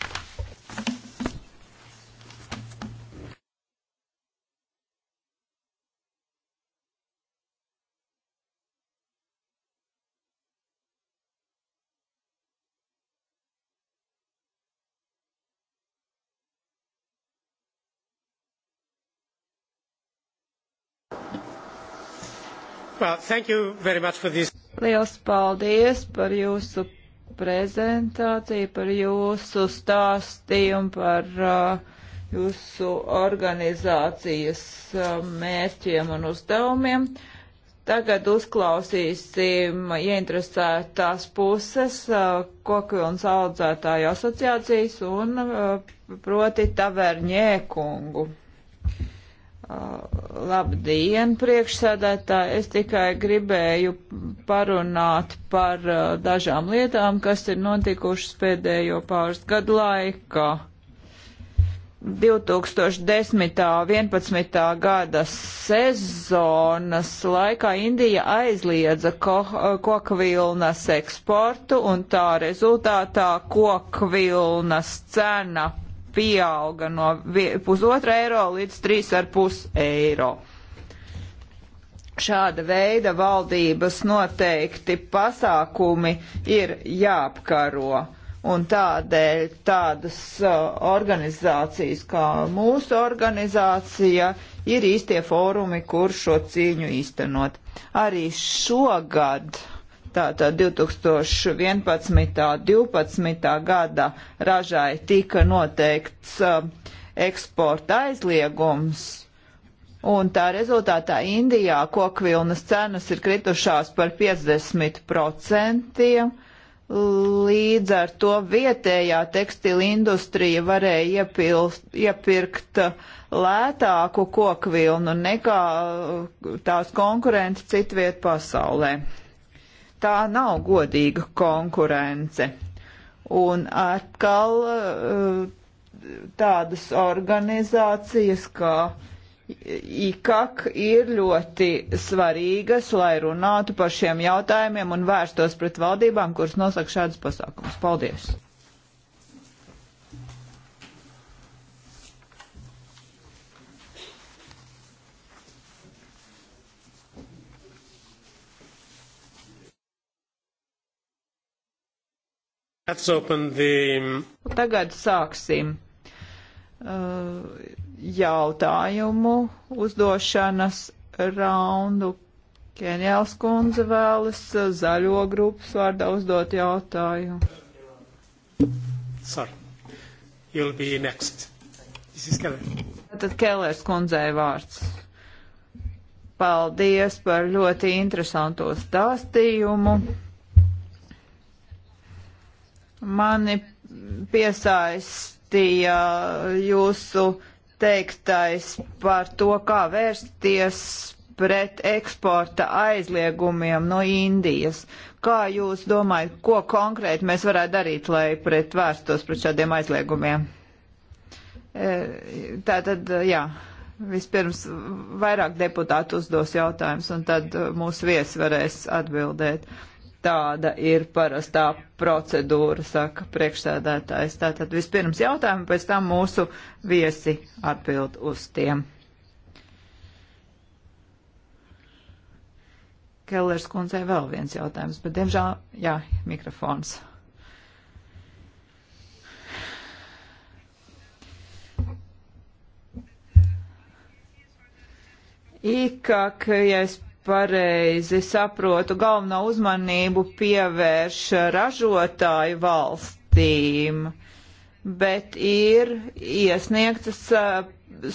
Well, Liels paldies par jūsu prezentāciju, par jūsu stāstījumu, par uh, jūsu organizācijas uh, mērķiem un uzdevumiem. Tagad uzklausīsim ieinteresētās puses uh, koku un audzētāju asociācijas un uh, proti taverņē kungu. Uh, labdien, priekšsēdētāji! Es tikai gribēju parunāt par uh, dažām lietām, kas ir notikušas pēdējo pāris gadu laikā. 2010. un 11. gada sezonas laikā Indija aizliedza ko, uh, kokvilnas eksportu, un tā rezultātā kokvilnas cena pieauga no pusotra eiro līdz 3,5 eiro. Šāda veida valdības noteikti pasākumi ir jāapkaro. Un tādēļ tādas uh, organizācijas kā mūsu organizācija ir īstie fórumi, kur šo cīņu īstenot. Arī šogad uh, Tātad 2011. un 2012. gada ražai tika noteikts uh, eksporta aizliegums, un tā rezultātā Indijā kokvilnas cenas ir kritušās par 50%. Līdz ar to vietējā tekstila industrija varēja iepilst, iepirkt uh, lētāku kokvilnu nekā uh, tās konkurenti citviet pasaulē tā nav godīga konkurence. Un atkal eh, tādas organizācijas kā IKAK ir ļoti svarīgas, lai runātu par šiem jautājumiem un vērstos pret valdībām, kuras nosaka šādas pasākumus. Paldies! The... Um, Tagad sāksim uh, jautājumu uzdošanas raundu. Kenjāls kundze vēlas uh, zaļo grupas vārdā uzdot jautājumu. Sorry. You'll be next. This is Keller. Tad Kellers kundzei vārds. Paldies par ļoti interesanto stāstījumu. Mm -hmm Mani piesaistīja jūsu teiktais par to, kā vērsties pret eksporta aizliegumiem no Indijas. Kā jūs domājat, ko konkrēti mēs varētu darīt, lai pret vērstos pret šādiem aizliegumiem? E, Tā tad, jā, vispirms vairāk deputātu uzdos jautājumus, un tad mūsu viesi varēs atbildēt. Uh, Tāda ir parastā procedūra, saka priekšsēdētājs. Tātad vispirms jautājumi, pēc tam mūsu viesi atbild uz tiem. Kellers kundzei vēl viens jautājums, bet diemžēl, jā, mikrofons. IKK, ja es pareizi saprotu, galveno uzmanību pievērš ražotāju valstīm, bet ir iesniegtas eh,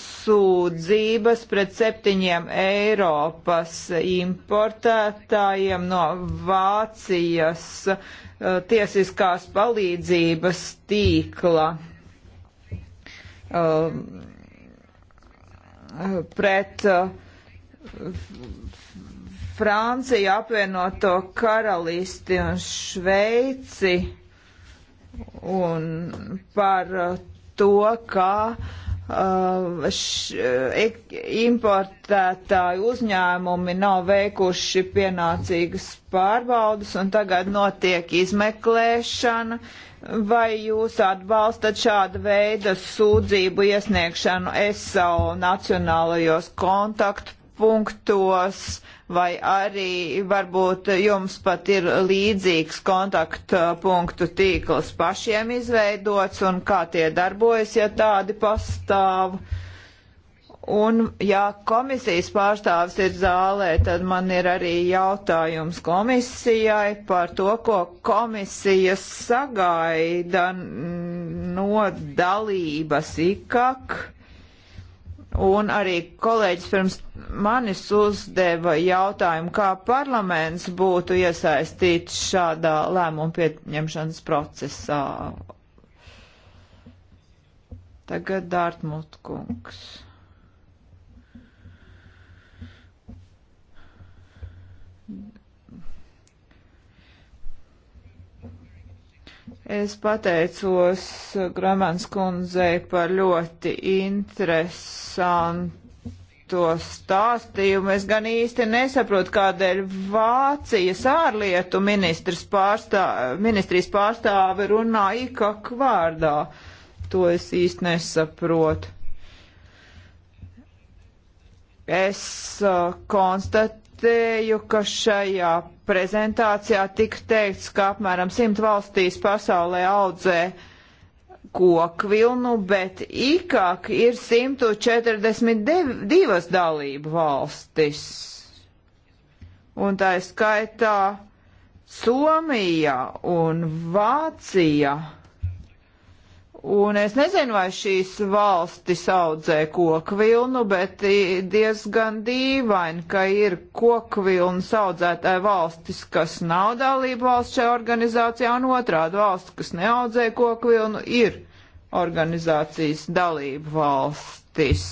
sūdzības pret septiņiem Eiropas importētājiem no Vācijas eh, tiesiskās palīdzības tīkla eh, pret uh, Franciju, apvienoto karalisti un Šveici un par to, kā uh, š, e, importētāju uzņēmumi nav veikuši pienācīgas pārbaudas un tagad notiek izmeklēšana. Vai jūs atbalstat šādu veidu sūdzību iesniegšanu ESO nacionālajos kontaktu punktos, vai arī varbūt jums pat ir līdzīgs kontaktpunktu tīkls pašiem izveidots un kā tie darbojas, ja tādi pastāv. Un ja komisijas pārstāvis ir zālē, tad man ir arī jautājums komisijai par to, ko komisija sagaida no dalības ikak Un arī kolēģis pirms manis uzdeva jautājumu, kā parlaments būtu iesaistīts šādā lēmuma pieņemšanas procesā. Tagad Dārtmut kungs. Es pateicos Gramans kundzei par ļoti interesantu stāstījumu. Es gan īsti nesaprotu, kādēļ Vācijas ārlietu pārstāv, ministrijas pārstāve runā ikak vārdā. To es īsti nesaprotu. Es uh, konstatēju konstatēju, ka šajā prezentācijā tika teikts, ka apmēram simt valstīs pasaulē audzē kokvilnu, bet IKAK ir 142 dalību valstis. Un tā ir skaitā Somija un Vācija Un es nezinu, vai šīs valstis audzē kokvilnu, bet diezgan dīvaini, ka ir kokvilnu audzētāji valstis, kas nav dalība valsts šajā organizācijā, un otrādi valsts, kas neaudzē kokvilnu, ir organizācijas dalība valstis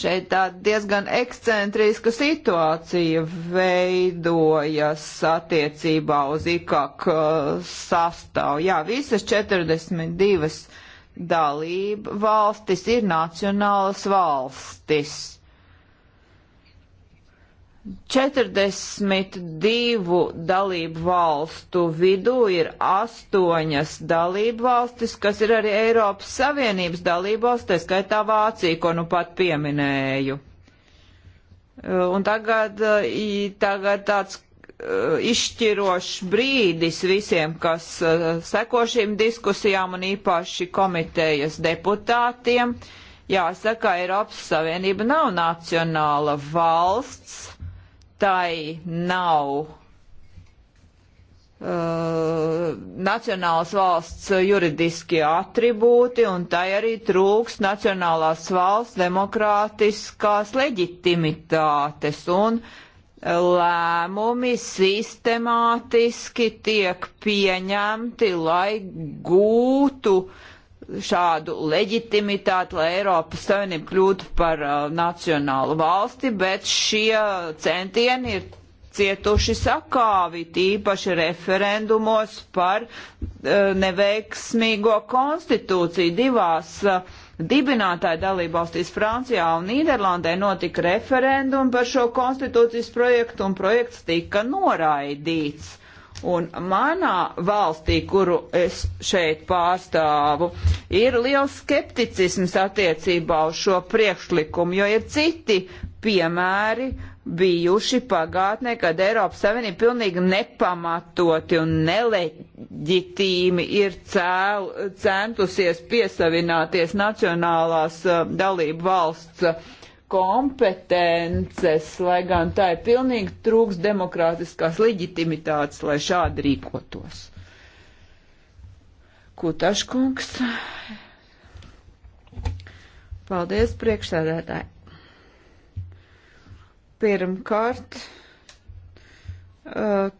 šeit tāda diezgan ekscentriska situācija veidojas attiecībā uz IKAK uh, sastāvu. Jā, visas 42 dalība valstis ir nacionālas valstis. 42 dalību valstu vidū ir astoņas dalību valstis, kas ir arī Eiropas Savienības dalību valsts, tā skaitā Vācija, ko nu pat pieminēju. Uh, un tagad, uh, tagad tāds uh, izšķirošs brīdis visiem, kas seko šīm diskusijām un īpaši komitejas deputātiem. Jāsaka, Eiropas Savienība nav nacionāla valsts tai nav uh, nacionālas valsts juridiskie atribūti, un tai arī trūks nacionālās valsts demokrātiskās leģitimitātes, un lēmumi sistemātiski tiek pieņemti, lai gūtu uh, šādu leģitimitāti, lai Eiropas Savienība kļūtu par uh, nacionālu valsti, bet šie centieni ir cietuši sakāvi, tīpaši referendumos par uh, neveiksmīgo konstitūciju. Divās uh, dibinātāju dalībvalstīs Francijā un Nīderlandē notika referendumi par šo konstitūcijas projektu, un projekts tika noraidīts. Un manā valstī, kuru es šeit pārstāvu, ir liels skepticisms attiecībā uz šo priekšlikumu, jo ir citi piemēri bijuši pagātnē, kad Eiropas Savienība pilnīgi nepamatoti un neleģitīmi ir cēl, centusies piesavināties nacionālās uh, dalību valsts uh, kompetences, lai gan tā ir pilnīgi trūks demokrātiskās leģitimitātes, lai šādi rīkotos. Kutaškungs. Paldies, priekšsēdētāji. Pirmkārt, uh,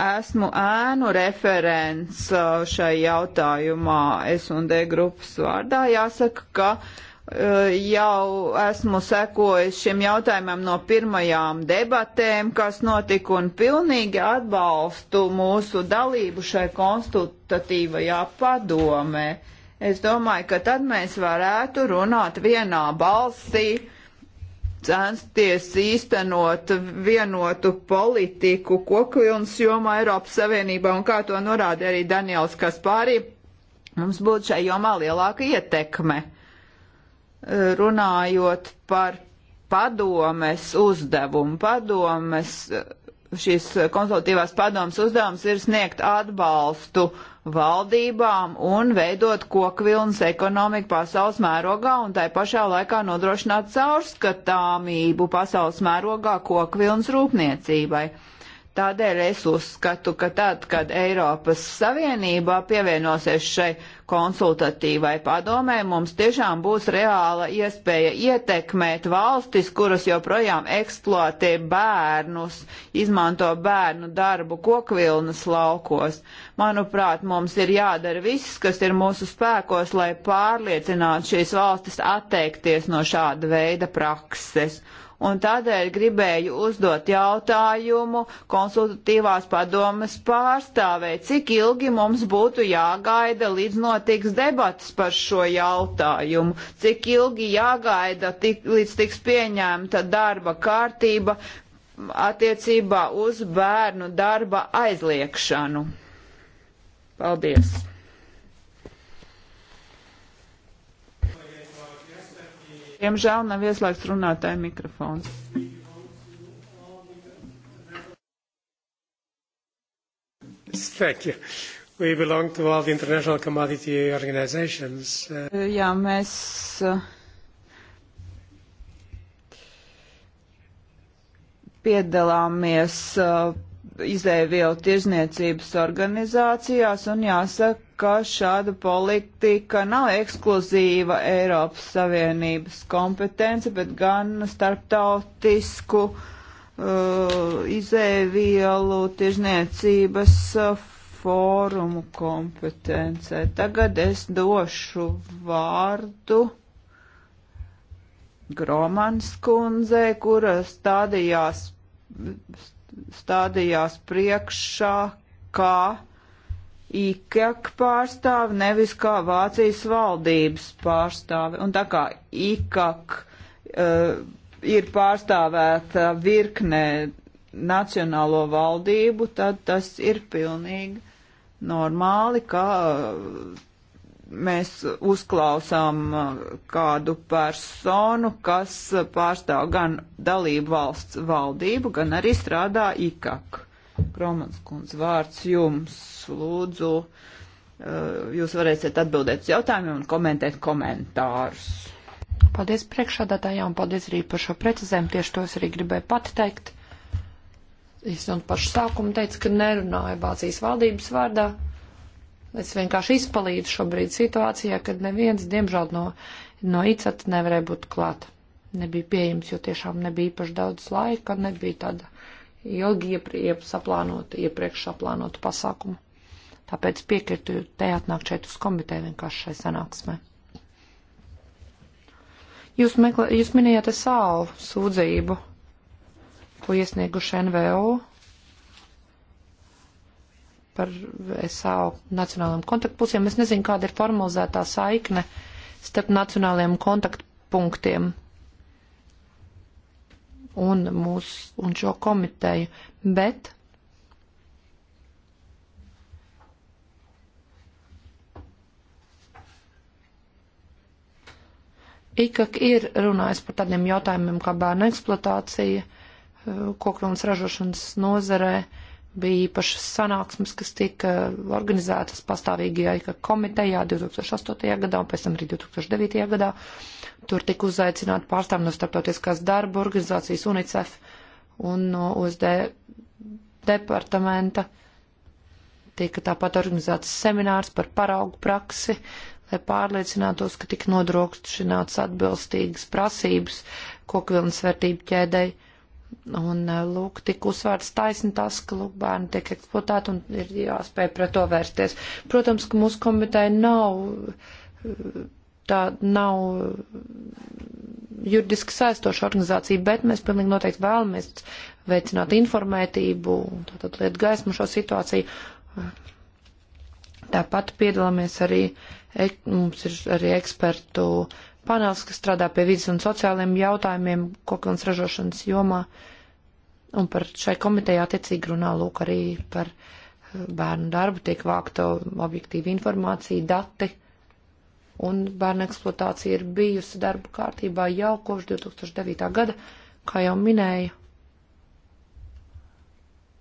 esmu ēnu referents uh, šai jautājumā S&D grupas vārdā. Jāsaka, ka Eh, jau esmu sekojis šim jautājumam no pirmajām debatēm, kas notika un pilnīgi atbalstu mūsu dalību šai konstitutīvajā padomē. Es domāju, ka tad mēs varētu runāt vienā balsī, censties īstenot vienotu politiku kokvilnas jomā Eiropas Savienībā, un kā to norāda arī Daniels Kaspārī, mums būtu šai jomā lielāka ietekme. Uh, runājot par padomes uzdevumu. Padomes, šīs konsultatīvās padomes uzdevums ir sniegt atbalstu valdībām un veidot kokvilnas ekonomiku pasaules mērogā un tai pašā laikā nodrošināt caurskatāmību pasaules mērogā kokvilnas rūpniecībai. Tādēļ es uzskatu, ka tad, kad Eiropas Savienībā pievienosies šai konsultatīvai padomē, mums tiešām būs reāla iespēja ietekmēt valstis, kuras joprojām eksploatē bērnus, izmanto bērnu darbu kokvilnas laukos. Manuprāt, mums ir jādara viss, kas ir mūsu spēkos, lai pārliecinātu šīs valstis atteikties no šāda veida prakses un tādēļ gribēju uzdot jautājumu konsultatīvās padomas pārstāvē, cik ilgi mums būtu jāgaida līdz notiks debats par šo jautājumu, cik ilgi jāgaida tik, līdz tiks pieņemta darba kārtība attiecībā uz bērnu darba aizliekšanu. Paldies! Diemžēl nav ieslēgts runātāja mikrofons. Thank you. We belong to all the international commodity organizations. Uh, Jā, mēs uh, piedalāmies uh, izēvielu tirzniecības organizācijās un jāsaka, ka šāda politika nav ekskluzīva Eiropas Savienības kompetence, bet gan starptautisku uh, izēvielu tirzniecības uh, fórumu kompetencē. Tagad es došu vārdu Gromans kundzei, kura stādījās stādījās priekšā kā IKEK pārstāvi, nevis kā Vācijas valdības pārstāvi. Un tā kā IKEK uh, ir pārstāvēta virknē nacionālo valdību, tad tas ir pilnīgi normāli, ka uh, mēs uzklausām uh, kādu personu, kas pārstāv gan dalību valsts valdību, gan arī strādā IKAK. Kromans kundz, vārds jums, lūdzu, uh, jūs varēsiet atbildēt uz jautājumiem un komentēt komentārus. Paldies priekšādātājām, paldies arī par šo precizējumu, tieši tos arī gribēju pati teikt. Es no nu pašu sākuma teicu, ka nerunāju Vācijas valdības vārdā. Es vienkārši izpalīdzu šobrīd situācijā, kad neviens, diemžēl, no, no ICAT nevarēja būt klāt. Nebija pieejams, jo tiešām nebija īpaši daudz laika, nebija tāda ilgi iepriekš saplānota, iepriekš saplānota pasākuma. Tāpēc piekritu te atnākt šeit uz komiteju vienkārši šai sanāksmē. Jūs, meklē, jūs minējāt SAU sūdzību, ko iesnieguši NVO par SAO nacionālajiem kontaktpunktiem. Es nezinu, kāda ir formalizētā saikne starp nacionālajiem kontaktpunktiem un, mūs, un šo komiteju, bet IKAK ir runājis par tādiem jautājumiem kā bērnu eksploatācija, eh, kokvilnas ražošanas nozarē bija īpašas sanāksmes, kas tika organizētas pastāvīgajā IKA komitejā 2008. gadā un pēc tam arī 2009. gadā. Tur tika uzaicināti pārstāvji no starptautiskās darba organizācijas UNICEF un no USD departamenta. Tika tāpat organizēts seminārs par paraugu praksi, lai pārliecinātos, ka tik nodrošināts atbilstīgas prasības kokvilnas vērtību ķēdēji Un, eh, lūk, tik uzsvērts taisni tas, ka, lūk, bērni tiek eksploatēti un ir jāspēj pret to vērsties. Protams, ka mūsu komiteja nav eh, tā nav eh, juridiski saistoša organizācija, bet mēs pilnīgi noteikti vēlamies veicināt informētību, tātad liet gaismu šo situāciju. Tāpat piedalāmies arī, mums ir arī ekspertu uh, panels, kas strādā pie vidas un sociāliem jautājumiem kokvilnas ražošanas jomā. Un par šai komitejā attiecīgi runā lūk arī par eh, bērnu darbu, tiek vākta objektīva informācija, dati. Un bērnu eksploatācija ir bijusi darba kārtībā jau kopš 2009. gada, kā jau minēju.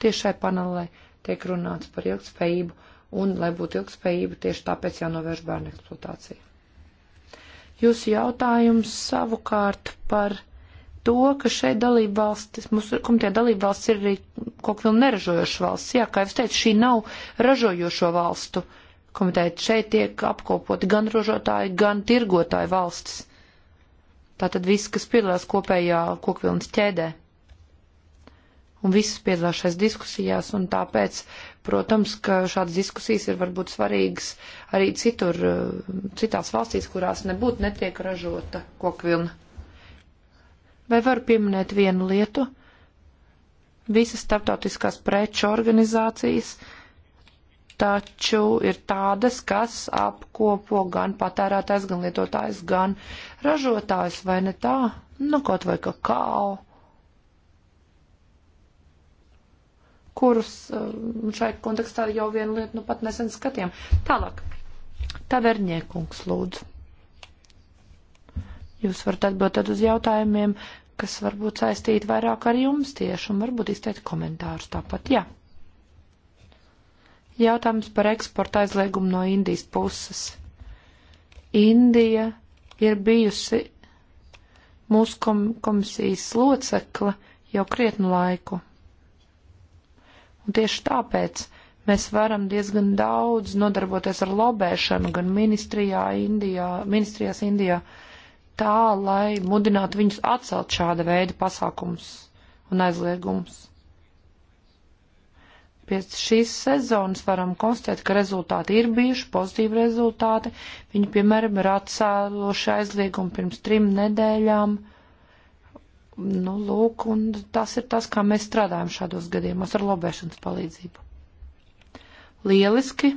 Tieši šai panelē tiek runāts par ilgspējību, un, lai būtu ilgspējība, tieši tāpēc jānovērš bērnu eksploatācija. Jūsu jautājums savukārt par to, ka šeit dalība valstis, mūsu komitē dalība valsts ir arī kaut vēl neražojoša valsts. Jā, kā jau es teicu, šī nav ražojošo valstu komitē. Šeit tiek apkopoti gan ražotāji, gan tirgotāji valstis. Tātad viss, kas piedalās kopējā kokvilnas ķēdē. Un visas piedalās šais diskusijās, un tāpēc Protams, ka šādas diskusijas ir varbūt svarīgas arī citur, eh, citās valstīs, kurās nebūtu netiek ražota kokvilna. Vai varu pieminēt vienu lietu? Visas starptautiskās preču organizācijas taču ir tādas, kas apkopo gan patērētājs, gan lietotājs, gan ražotājs, vai ne tā? Nu, kaut vai kakao. Ka kurus eh, šai kontekstā jau vienu lietu nu pat nesen skatījām. Tālāk. Taverniekungs lūdzu. Jūs varat atbildēt uz jautājumiem, kas varbūt saistīti vairāk ar jums tieši un varbūt izteikt komentārus tāpat, jā. Jautājums par eksporta aizliegumu no Indijas puses. Indija ir bijusi mūsu kom komisijas locekla jau krietnu laiku. Un tieši tāpēc mēs varam diezgan daudz nodarboties ar lobēšanu gan ministrijā, Indijā, ministrijās Indijā, tā, lai mudinātu viņus atcelt šāda veida pasākums un aizliegums. Pēc šīs sezonas varam konstatēt, ka rezultāti ir bijuši, pozitīvi rezultāti. Viņi, piemēram, ir atcēloši aizliegumu pirms trim nedēļām. Uh, Nu, lūk, un tas ir tas, kā mēs strādājam šādos gadījumos ar lobēšanas palīdzību. Lieliski.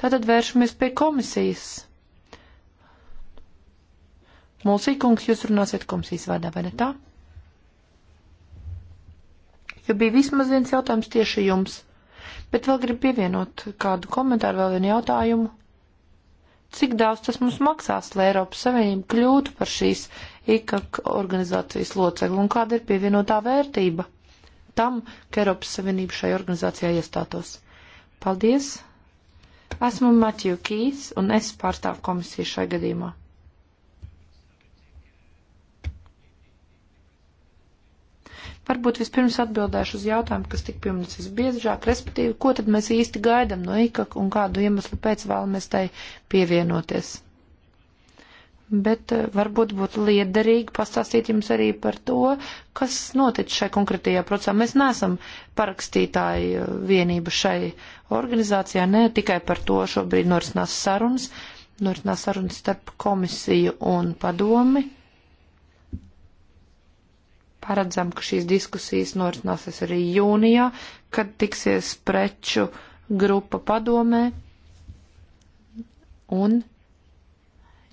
Tātad vēršamies pie komisijas. Mulsīkungs, jūs runāsiet komisijas vārdā, vai ne tā? Jo bija vismaz viens jautājums tieši jums, bet vēl gribu pievienot kādu komentāru, vēl vienu jautājumu. Cik daudz tas mums maksās, lai Eiropas Savienība kļūtu par šīs IKAK organizācijas locekli un kāda ir pievienotā vērtība tam, ka Eiropas Savienība šai organizācijā iestātos. Paldies! Esmu Matiju Kīs un es pārstāvu komisiju šai gadījumā. Varbūt vispirms atbildēšu uz jautājumu, kas tika pieminēts visbiežāk, respektīvi, ko tad mēs īsti gaidam no IKAK un kādu iemeslu pēc vēlamies tai pievienoties bet eh, varbūt būtu liederīgi pastāstīt jums arī par to, kas noticis šai konkrētajā procesā. Mēs neesam parakstītāji eh, vienība šai organizācijā, ne tikai par to šobrīd norisinās sarunas, norisinās sarunas starp komisiju un padomi. Paredzam, ka šīs diskusijas norisināsies arī jūnijā, kad tiksies preču grupa padomē un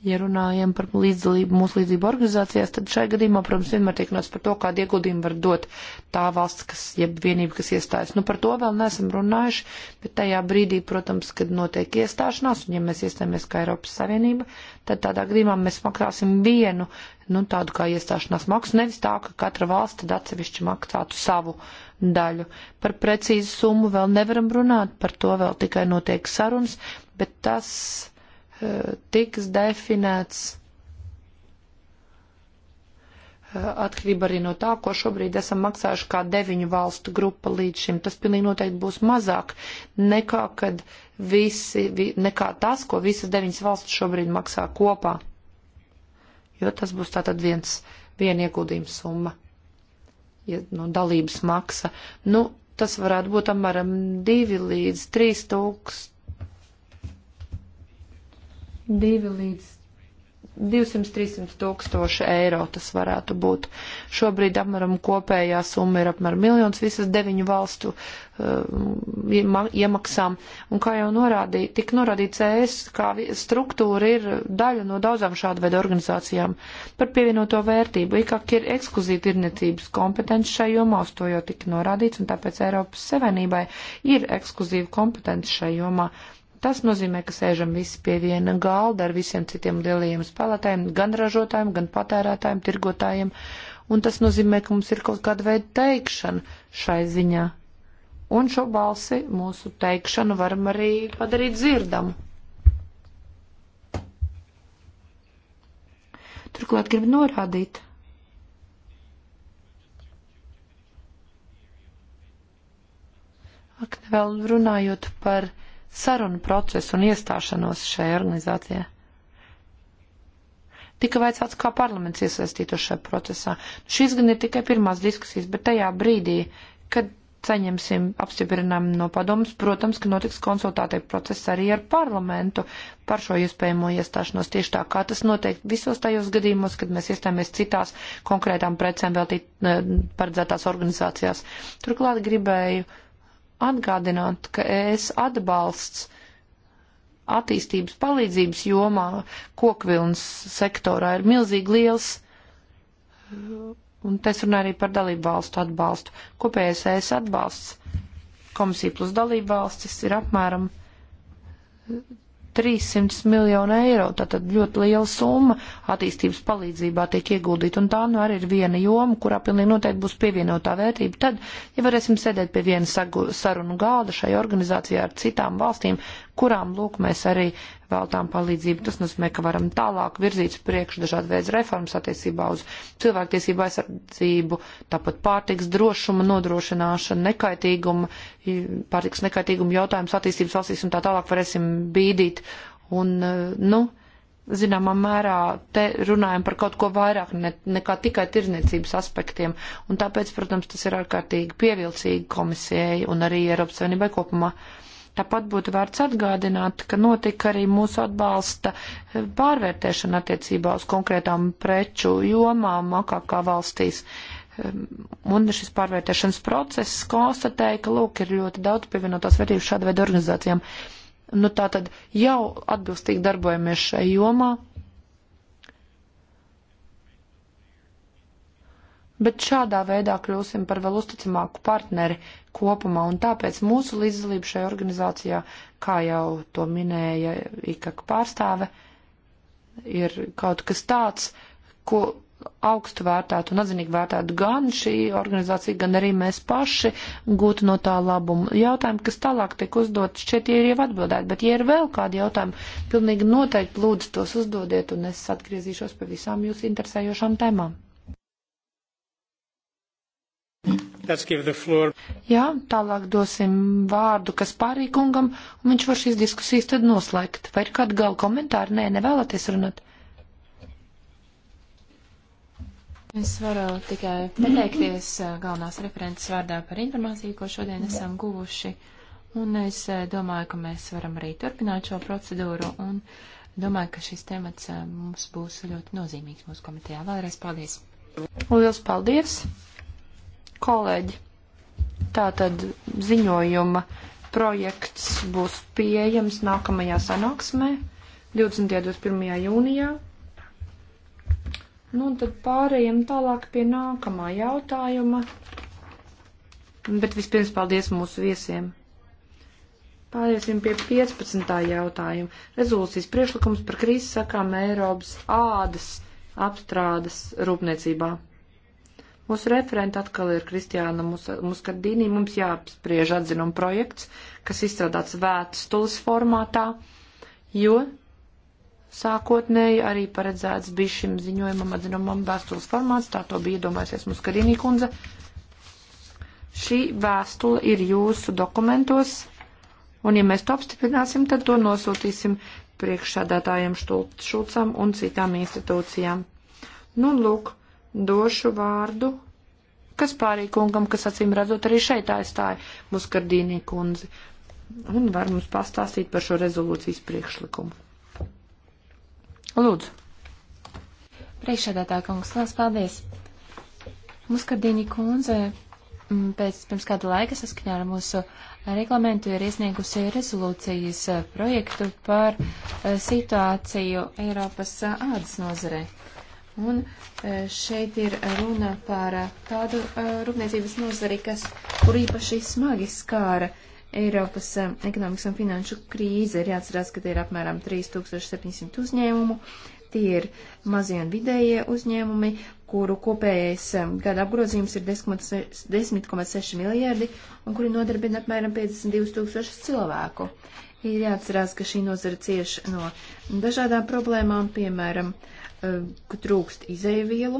ja runājam par līdzdalību mūsu līdzību organizācijās, tad šai gadījumā, protams, vienmēr tiek runāts par to, kādu ieguldījumu var dot tā valsts, kas, jeb vienība, kas iestājas. Nu, par to vēl neesam runājuši, bet tajā brīdī, protams, kad notiek iestāšanās, un ja mēs iestājamies kā Eiropas Savienība, tad tādā gadījumā mēs maksāsim vienu, nu, tādu kā iestāšanās maksu, nevis tā, ka katra valsts tad atsevišķi maksātu savu daļu. Par precīzu summu vēl nevaram runāt, par to vēl tikai notiek sarunas, bet tas tiks definēts atkarībā arī no tā, ko šobrīd esam maksājuši kā deviņu valstu grupa līdz šim. Tas pilnīgi noteikti būs mazāk nekā, kad visi, nekā tas, ko visas deviņas valstis šobrīd maksā kopā. Jo tas būs tātad viens, viena ieguldījuma summa, ja, nu, dalības maksa. Nu, tas varētu būt apmēram divi līdz trīs tūkst 2 līdz 200-300 tūkstoši eiro tas varētu būt. Šobrīd apmēram kopējā summa ir apmēram miljons visas deviņu valstu uh, iemaksām. Un kā jau norādīja, tik norādīts ES, kā struktūra ir daļa no daudzām šādu veidu organizācijām. Par pievienoto vērtību IKAK ir ekskluzīva tirniecības kompetence šai jomā, uz to jau tika norādīts, un tāpēc Eiropas Savienībai ir ekskluzīva kompetence šai jomā. Tas nozīmē, ka sēžam visi pie viena galda ar visiem citiem lielajiem spēlētājiem, gan ražotājiem, gan patērētājiem, tirgotājiem, un tas nozīmē, ka mums ir kaut kāda veida teikšana šai ziņā. Un šo balsi, mūsu teikšanu varam arī padarīt dzirdamu. Turklāt gribu norādīt, Ak, vēl runājot par sarunu procesu un iestāšanos šajā organizācijā. Tika vaicāts, kā parlaments iesaistītos šajā procesā. Šīs gan ir tikai pirmās diskusijas, bet tajā brīdī, kad saņemsim apstiprinājumu no padomus, protams, ka notiks konsultācija process arī ar parlamentu par šo iespējamo iestāšanos tieši tā, kā tas notiek visos tajos gadījumos, kad mēs iestājamies citās konkrētām precēm veltīt eh, paredzētās organizācijās. Turklāt gribēju atgādināt, ka ES atbalsts attīstības palīdzības jomā kokvilnas sektorā ir milzīgi liels, un te es runāju arī par dalību valstu atbalstu. Kopējais ES atbalsts komisija plus dalību valstis ir apmēram 300 miljonu eiro, tātad ļoti liela summa attīstības palīdzībā tiek ieguldīta, un tā nu arī ir viena joma, kurā pilnīgi noteikti būs pievienotā vērtība. Tad, ja varēsim sēdēt pie viena sarunu galda šai organizācijā ar citām valstīm, kurām, lūk, mēs arī veltām palīdzību. Tas nozīmē, ka varam tālāk virzīt priekš dažādu veidu reformas attiecībā uz cilvēktiesību aizsardzību, tāpat pārtiks drošuma nodrošināšanu, nekaitīgumu, pārtiks nekaitīgumu jautājumus attīstības valstīs un tā tālāk varēsim bīdīt. Un, eh, nu, zināmā mērā te runājam par kaut ko vairāk ne, nekā tikai tirzniecības aspektiem, un tāpēc, protams, tas ir ārkārtīgi pievilcīgi komisijai un arī Eiropas Savienībai kopumā. Uh, Tāpat būtu vērts atgādināt, ka notika arī mūsu atbalsta eh, pārvērtēšana attiecībā uz konkrētām preču jomām akākā valstīs. Ehm, un šis pārvērtēšanas process konstatēja, ka, lūk, ir ļoti daudz pievienotās vērtības šāda veida organizācijām. Nu, tā tad jau atbilstīgi darbojamies šajā jomā, bet šādā veidā kļūsim par vēl uzticamāku partneri kopumā, un tāpēc mūsu līdzdalība šajā organizācijā, kā jau to minēja IKK pārstāve, ir kaut kas tāds, ko augstu vērtētu un atzinīgi vērtētu gan šī organizācija, gan arī mēs paši gūtu no tā labumu. Jautājumi, kas tālāk tiek uzdot, šķiet, tie ir jau atbildēti, bet ja ir vēl kādi jautājumi, pilnīgi noteikti lūdzu tos uzdodiet, un es atgriezīšos pie visām jūsu interesējošām tēmām. Jā, tālāk dosim vārdu Kaspārī kungam, un viņš var šīs diskusijas tad noslēgt. Vai ir kāda gala komentāra? Nē, nevēlaties runāt. Es varu tikai pateikties galvenās referentes vārdā par informāciju, ko šodien esam guvuši, un es domāju, ka mēs varam arī turpināt šo procedūru, un domāju, ka šis temats mums būs ļoti nozīmīgs mūsu komitejā. Vēlreiz paldies! Lielas paldies! Kolēģi, tātad ziņojuma projekts būs pieejams nākamajā sanāksmē 20. un 21. jūnijā. Nu, un tad pārējiem tālāk pie nākamā jautājuma. Bet vispirms paldies mūsu viesiem. Pāriesim pie 15. jautājuma. Rezolūcijas priekšlikums par krīzes sakām Eiropas ādas apstrādes rūpniecībā. Mūsu referenta atkal ir Kristiāna Muskardīnī. Mums jāapspriež atzinuma projekts, kas izstrādāts vēstules formātā, jo sākotnēji arī paredzēts bija šim ziņojumam atzinumam vēstules formāts. Tā to bija iedomājusies Muskardīnī kundze. Šī vēstule ir jūsu dokumentos, un ja mēs to apstiprināsim, tad to nosūtīsim priekšsādātājiem Šulcam un citām institūcijām. Nu, lūk, došu vārdu Kaspārī kungam, kas acīm redzot arī šeit aizstāja Muskardīnī kundzi un var mums pastāstīt par šo rezolūcijas priekšlikumu. Lūdzu. Priekšādātā kungs, liels paldies. Muskardīnī kundze mm, pēc pirms kāda laika saskaņā ar mūsu reglamentu ir iesniegusi rezolūcijas eh, projektu par eh, situāciju Eiropas eh, ādas nozarei. Un e, šeit ir runa par e, tādu e, rūpniecības nozari, kas, kur īpaši smagi skāra Eiropas ekonomikas un finanšu krīze. Ir jāatcerās, ka tie ir apmēram 3700 uzņēmumu. Tie ir mazie un vidējie uzņēmumi, kuru kopējais gada apgrozījums ir 10,6 miljardi un kuri nodarbina apmēram 52 tūkstošus cilvēku. Ir jāatcerās, ka šī nozara cieš no dažādām problēmām, piemēram, uh, Eh, ka trūkst izēvielu.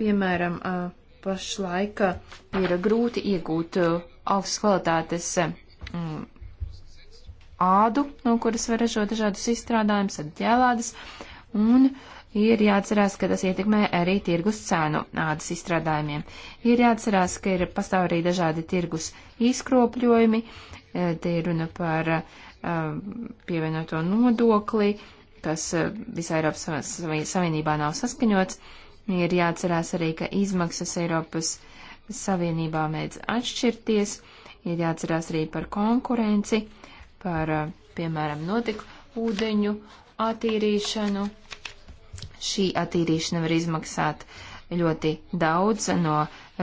Piemēram, eh, pašlaik eh, ir grūti iegūt augstas kvalitātes mm, ādu, no kuras var ražot dažādus izstrādājumus, tad ķēlādes, un ir jāatcerās, ka tas ietekmē arī tirgus cenu ādas izstrādājumiem. Ir jāatcerās, ka ir pastāv arī dažādi tirgus izkropļojumi, te ir runa par pievienoto nodokli, uh, kas eh, visā Eiropas Savienībā nav saskaņots. Ir jāatcerās arī, ka izmaksas Eiropas Savienībā mēdz atšķirties, ir jāatcerās arī par konkurenci, par, eh, piemēram, notiku ūdeņu attīrīšanu. Šī attīrīšana var izmaksāt ļoti daudz no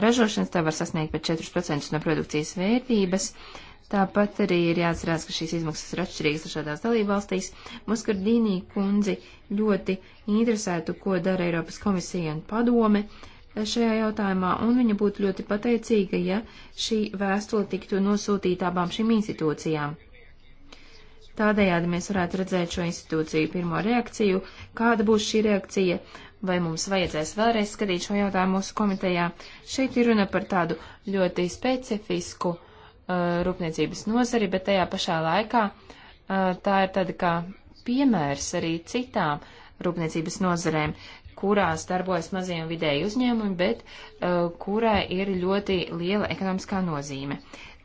ražošanas, tā var sasniegt pat 4% no produkcijas vērtības. Uh, Tāpat arī ir jāatcerās, ka šīs izmaksas ir atšķirīgas dažādās dalībvalstīs. Muskardīnī kundzi ļoti interesētu, ko dara Eiropas komisija un padome šajā jautājumā, un viņa būtu ļoti pateicīga, ja šī vēstule tiktu nosūtīta abām šīm institūcijām. Tādējādi mēs varētu redzēt šo institūciju pirmo reakciju, kāda būs šī reakcija, vai mums vajadzēs vēlreiz skatīt šo jautājumu mūsu komitejā. Šeit ir runa par tādu ļoti specifisku Uh, rūpniecības nozari, bet tajā pašā laikā uh, tā ir tāda kā piemērs arī citām rūpniecības nozarēm, kurās darbojas mazie un vidēji uzņēmumi, bet uh, kurai ir ļoti liela ekonomiskā nozīme.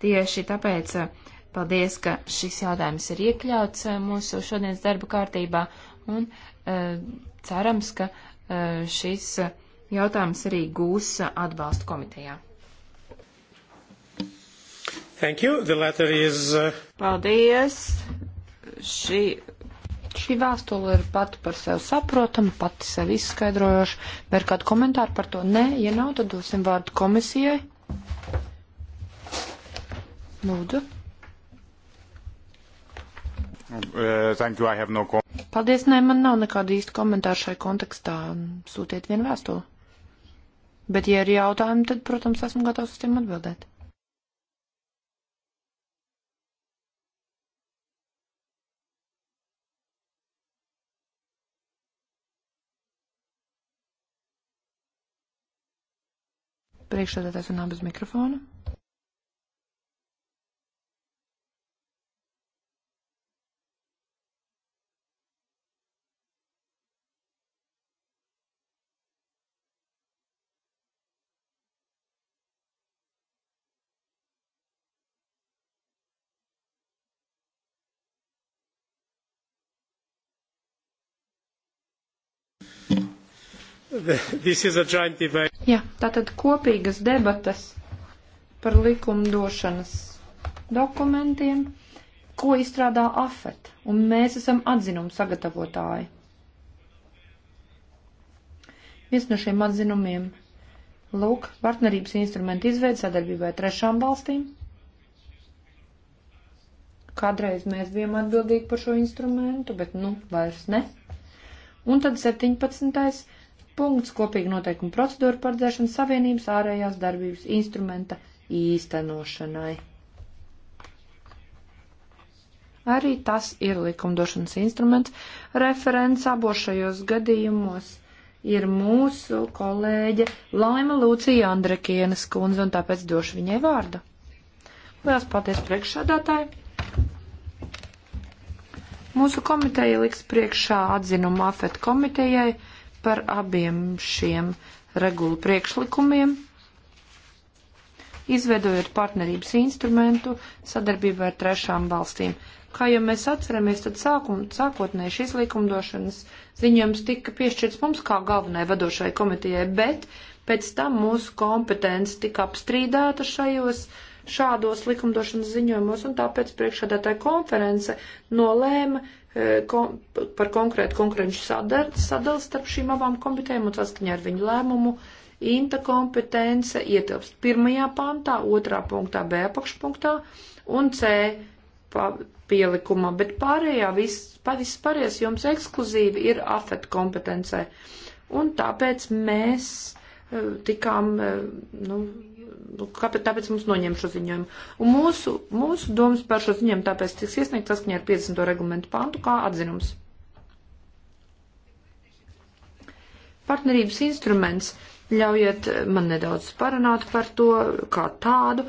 Tieši tāpēc uh, paldies, ka šis jautājums ir iekļauts uh, mūsu šodienas darba kārtībā un uh, cerams, ka šis jautājums arī gūs atbalstu komitejā. Thank you. The letter is. Uh... Paldies. Šī, šī vēstule ir pati par sevi saprotama, pati sevi izskaidrojoša. Vai ir kādi komentāri par to? Nē, ja nav, tad dosim vārdu komisijai. Lūdzu. Uh, thank you, I have no comment. Paldies, nē, man nav nekāda īsta komentāra šai kontekstā. Sūtiet vienu vēstuli. Bet, ja ir jautājumi, tad, protams, esmu gatavs uz tiem atbildēt. Priekšsēdētājs un abas mikrofona. Jā, tātad kopīgas debatas par likumdošanas dokumentiem, ko izstrādā AFET, un mēs esam atzinumu sagatavotāji. Viens no šiem atzinumiem Lūk, partnerības instrumenti izveid sadarbībai trešām valstīm. Kādreiz mēs bijām atbildīgi par šo instrumentu, bet nu vairs ne. Un tad 17 punkts kopīgi noteikumu procedūru paredzēšana Savienības ārējās darbības instrumenta īstenošanai. Arī tas ir likumdošanas instruments. Referents abos šajos gadījumos ir mūsu kolēģe Laima Lūcija Andrekienes kundze, un tāpēc došu viņai vārdu. Lielas paldies priekšsādātāji! Mūsu komiteja liks priekšā atzinumu AFET komitejai par abiem šiem regulu priekšlikumiem, izveidojot partnerības instrumentu sadarbībā ar trešām valstīm. Kā jau mēs atceramies, tad sākum, sākotnēji šis likumdošanas ziņojums tika piešķirts mums kā galvenai vadošai komitejai, bet pēc tam mūsu kompetence tika apstrīdēta šajos uh, šādos likumdošanas ziņojumos, un tāpēc priekšādātāja konference nolēma e, kom, par konkrētu konkurenču sadali starp šīm abām komitejām, un saskaņā ar viņu lēmumu INTA kompetence ietilpst pirmajā pantā, otrā punktā, B apakšpunktā un C pielikumā, bet pārējā viss, viss pārējais jums ekskluzīvi ir afet kompetencē. Un tāpēc mēs e, tikām, e, nu, nu, kāpēc, tāpēc mums noņem šo ziņojumu. Un mūsu, mūsu domas par šo ziņojumu tāpēc tiks iesniegt saskaņā ar 50. reglamentu pantu kā atzinums. Partnerības instruments, ļaujiet man nedaudz parunāt par to kā tādu,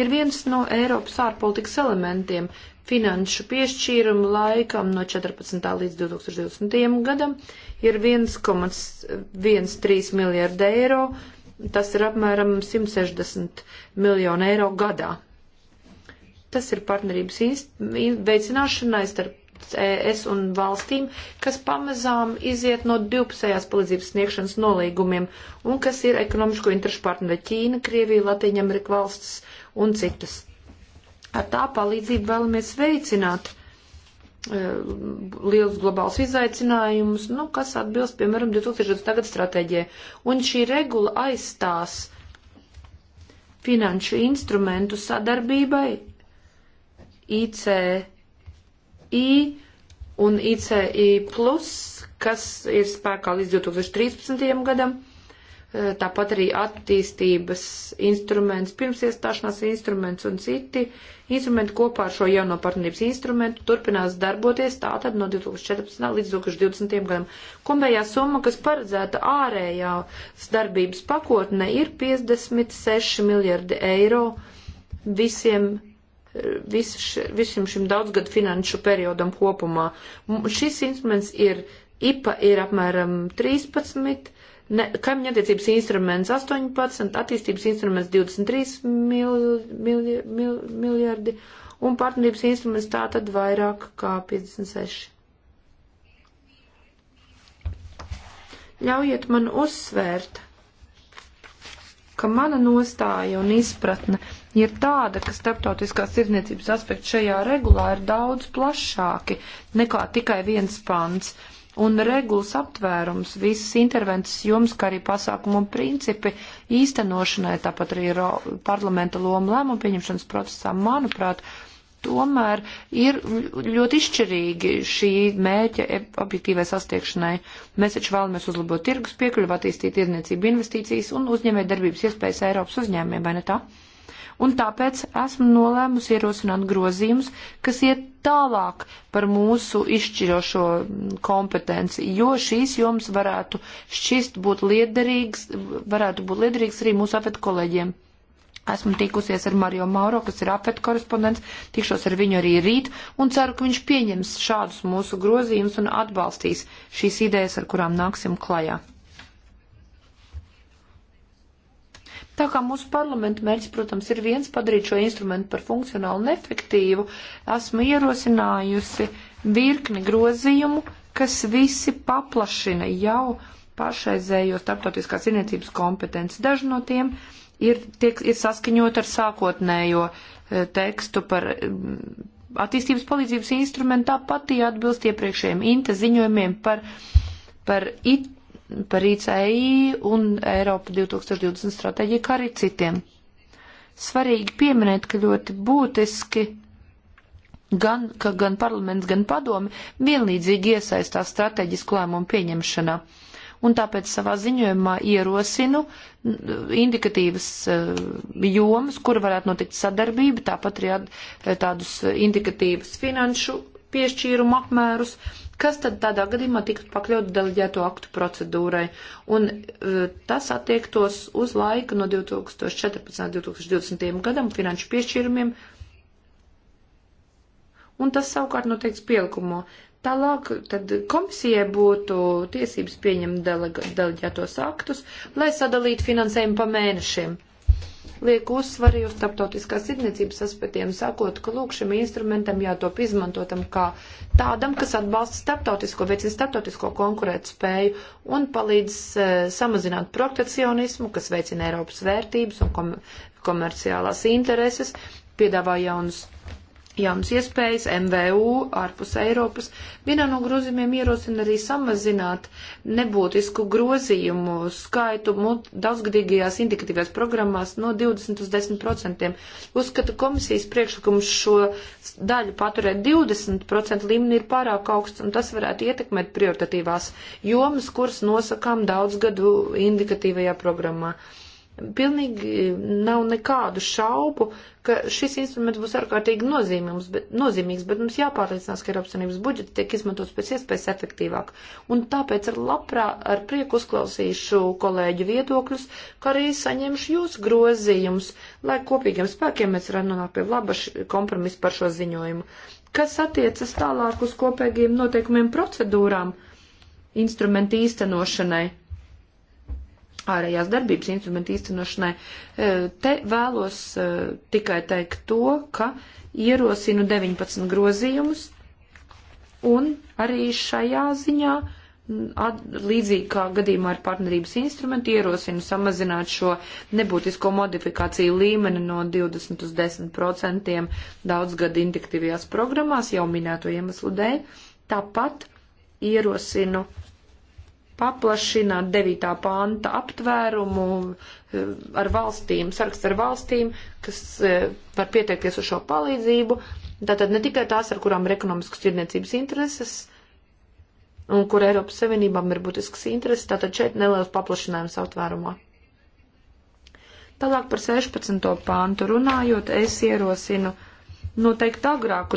ir viens no Eiropas ārpolitikas elementiem finanšu piešķīrumu laikam no 14. līdz 2020. gadam ir 1,13 miljārda eiro Tas ir apmēram 160 miljonu eiro gadā. Tas ir partnerības veicināšanai starp ES un valstīm, kas pamazām iziet no divpusējās palīdzības sniegšanas nolīgumiem un kas ir ekonomisko interešu partneri Ķīna, Krievija, Latīņa Amerika valsts un citas. Ar tā palīdzību vēlamies veicināt E, liels globāls izaicinājums, nu, kas atbilst, piemēram, 2020. tagad stratēģijai. Un šī regula aizstās finanšu instrumentu sadarbībai ICI un ICI, plus, kas ir spēkā līdz 2013. gadam Eh, tāpat arī attīstības instruments, pirms iestāšanās instruments un citi instrumenti kopā ar šo jauno partnerības instrumentu turpinās darboties tātad no 2014. līdz 2020. gadam. Kombējā summa, kas paredzēta ārējā darbības pakotne, ir 56 miljardi eiro visiem vis, visam šim daudzgadu finanšu periodam kopumā. Šis instruments ir IPA ir apmēram 13 ne, kaimiņa attiecības instruments 18, attīstības instruments 23 mil, mil, mil, miljardi un partnerības instruments tā tad vairāk kā 56. Ļaujiet man uzsvērt, ka mana nostāja un izpratne ir tāda, ka starptautiskās tirdzniecības aspekti šajā regulā ir daudz plašāki nekā tikai viens pants. Uh, un regulas aptvērums, visas intervences jums, kā arī pasākumu un principi īstenošanai, tāpat arī parlamenta loma lēmumu pieņemšanas procesā, manuprāt, tomēr ir ļoti izšķirīgi šī mērķa e, objektīvai sastiekšanai. Mēs taču vēlamies uzlabot tirgus piekļuvu, attīstīt tirdzniecību investīcijas un uzņēmēt darbības iespējas Eiropas uzņēmiem, vai ne tā? un tāpēc esmu nolēmusi ierosināt grozījumus, kas iet tālāk par mūsu izšķirošo kompetenci, jo šīs jomas varētu šķist būt liederīgs, varētu būt liederīgs arī mūsu afet kolēģiem. Esmu tikusies ar Mario Mauro, kas ir apet korespondents, tikšos ar viņu arī rīt un ceru, ka viņš pieņems šādus mūsu grozījumus un atbalstīs šīs idejas, ar kurām nāksim klajā. Tā kā mūsu parlamenta mērķis, protams, ir viens padarīt šo instrumentu par funkcionālu un efektīvu, esmu ierosinājusi virkni grozījumu, kas visi paplašina jau pašreizējo starptautiskās rīniecības kompetenci. Daži no tiem ir, tiek, ir saskaņot ar sākotnējo e, tekstu par mm, attīstības palīdzības instrumentu, tāpat tie atbilst iepriekšējiem INTA ziņojumiem par, par IT par ICI un Eiropa 2020 stratēģiju, kā arī citiem. Svarīgi pieminēt, ka ļoti būtiski gan, ka gan parlaments, gan padomi vienlīdzīgi iesaistās strateģisku lēmumu pieņemšanā. Un tāpēc savā ziņojumā ierosinu indikatīvas eh, jomas, kur varētu notikt sadarbība, tāpat arī eh, tādus indikatīvas finanšu piešķīrumu apmērus, uh, kas tad tādā gadījumā tiktu pakļaut deleģēto aktu procedūrai. Un e, tas attiektos uz laiku no 2014. līdz 2020. gadam finanšu piešķīrumiem. Un tas savukārt noteikts pielikumo. Tālāk tad komisijai būtu tiesības pieņemt deleģētos aktus, lai sadalītu finansējumu pa mēnešiem liek uzsvari uz starptautiskās izniecības aspektiem, sakot, ka lūk šim instrumentam jātop izmantotam kā tādam, kas atbalsta starptautisko, veicina starptautisko konkurētu spēju un palīdz e, samazināt protekcionismu, kas veicina Eiropas vērtības un kom komerciālās intereses, piedāvā jaunus jaunas iespējas MVU ārpus Eiropas. Vienā no grozījumiem ierosina arī samazināt nebūtisku grozījumu skaitu daudzgadīgajās indikatīvās programmās no 20 uz 10 procentiem. Uzskata komisijas priekšlikums šo daļu paturēt 20 procentu līmenī ir pārāk augsts, un tas varētu ietekmēt prioritatīvās jomas, kuras nosakām daudzgadu indikatīvajā programmā. Uh, Pilnīgi nav nekādu šaubu, ka šis instruments būs ārkārtīgi nozīmīgs, bet, nozīmīgs, bet mums jāpārliecinās, ka Eiropas Savienības budžets tiek izmantots pēc iespējas efektīvāk. Un tāpēc ar labprā, ar prieku uzklausīšu kolēģu viedokļus, kā arī saņemšu jūsu grozījumus, lai kopīgiem spēkiem mēs varētu nonākt pie laba kompromisa par šo ziņojumu. Kas attiecas tālāk uz kopīgiem noteikumiem procedūrām instrumentu īstenošanai? ārējās darbības instrumentu īstenošanai. E, te vēlos e, tikai teikt to, ka ierosinu 19 grozījumus, un arī šajā ziņā, at, līdzīgi kā gadījumā ar partnerības instrumentu, ierosinu samazināt šo nebūtisko modifikāciju līmeni no 20 uz 10 procentiem daudzgadu indiktīvajās programmās, jau minēto iemeslu dēļ. Tāpat ierosinu paplašināt 9. panta aptvērumu eh, ar valstīm, saraksts ar valstīm, kas eh, var pieteikties uz šo palīdzību. Tātad ne tikai tās, ar kurām ir ekonomiskas tirniecības intereses, un kur Eiropas Savienībām ir būtisks intereses, tātad šeit neliels paplašinājums aptvērumā. Tālāk par 16. pāntu runājot, es ierosinu noteikti agrāku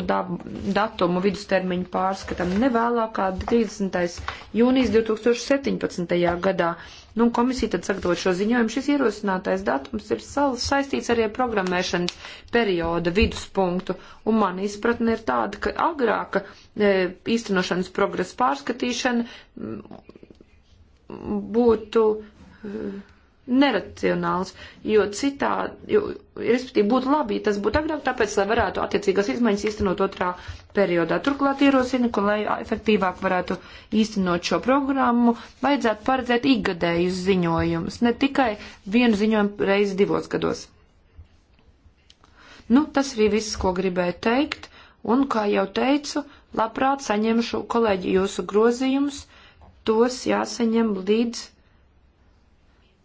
datumu vidustermiņu pārskatam, ne vēlākā 30. jūnijas 2017. gadā. Nu, komisija tad sagatavot šo ziņojumu. Šis ierosinātais datums ir saistīts arī ar programmēšanas perioda viduspunktu, un man izpratne ir tāda, ka agrāka e, īstenošanas progresa pārskatīšana būtu. E, neracionāls, jo citā, jo, respektīvi, būtu labi, ja tas būtu agrāk, tāpēc, lai varētu attiecīgās izmaiņas īstenot otrā periodā. Turklāt ierosina, ka, lai efektīvāk varētu īstenot šo programmu, vajadzētu paredzēt ikgadējus ziņojumus, ne tikai vienu ziņojumu reizi divos gados. Nu, tas arī viss, ko gribēju teikt, un, kā jau teicu, labprāt saņemšu kolēģi jūsu grozījumus, tos jāsaņem līdz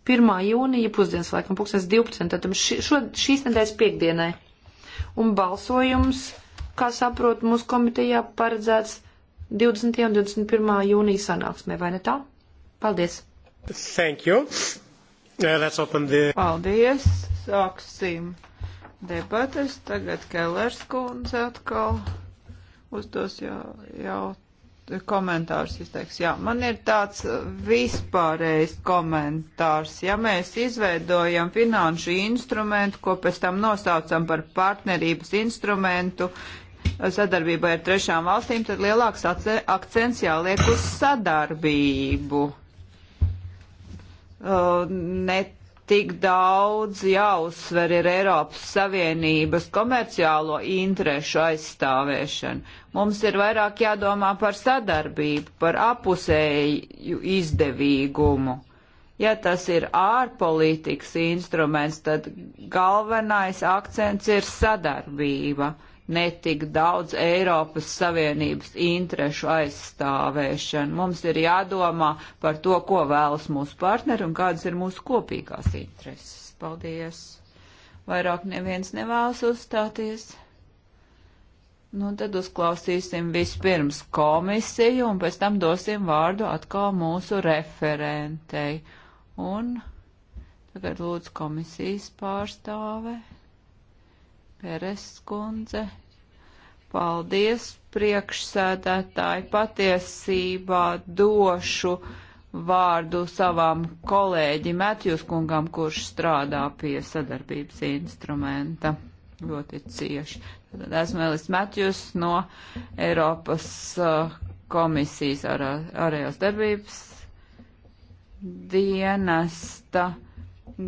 1. jūnija pusdienas laikam, pulkstens 12. Tātad šo, šīs nedēļas piekdienai. Un balsojums, kā saprot, mūsu komitejā paredzēts 20. un 21. jūnija sanāksmē, vai ne tā? Paldies! Thank you! Yeah, let's open the... Paldies! Sāksim debates. Tagad Kellers kundze atkal uzdos jau jautājumu komentārs izteiks. Jā, man ir tāds vispārējs komentārs. Ja mēs izveidojam finanšu instrumentu, ko pēc tam nosaucam par partnerības instrumentu sadarbībai ar trešām valstīm, tad lielāks akcents jāliek uz sadarbību. Uh, ne tik daudz jāuzsver ir Eiropas Savienības komerciālo interešu aizstāvēšana. Mums ir vairāk jādomā par sadarbību, par apusēju izdevīgumu. Ja tas ir ārpolitikas instruments, tad galvenais akcents ir sadarbība. Uh, netik daudz Eiropas Savienības interešu aizstāvēšanu. Mums ir jādomā par to, ko vēlas mūsu partneri un kādas ir mūsu kopīgās intereses. Paldies! Vairāk neviens nevēlas uzstāties. Nu, tad uzklausīsim vispirms komisiju un pēc tam dosim vārdu atkal mūsu referentei. Un tagad lūdzu komisijas pārstāve Peres kundze. Paldies, priekšsēdētāji. Patiesībā došu vārdu savām kolēģi Metjus kungam, kurš strādā pie sadarbības instrumenta ļoti cieši. Tad esmu Elis Metjus no Eiropas uh, komisijas ar, ārējās darbības dienesta.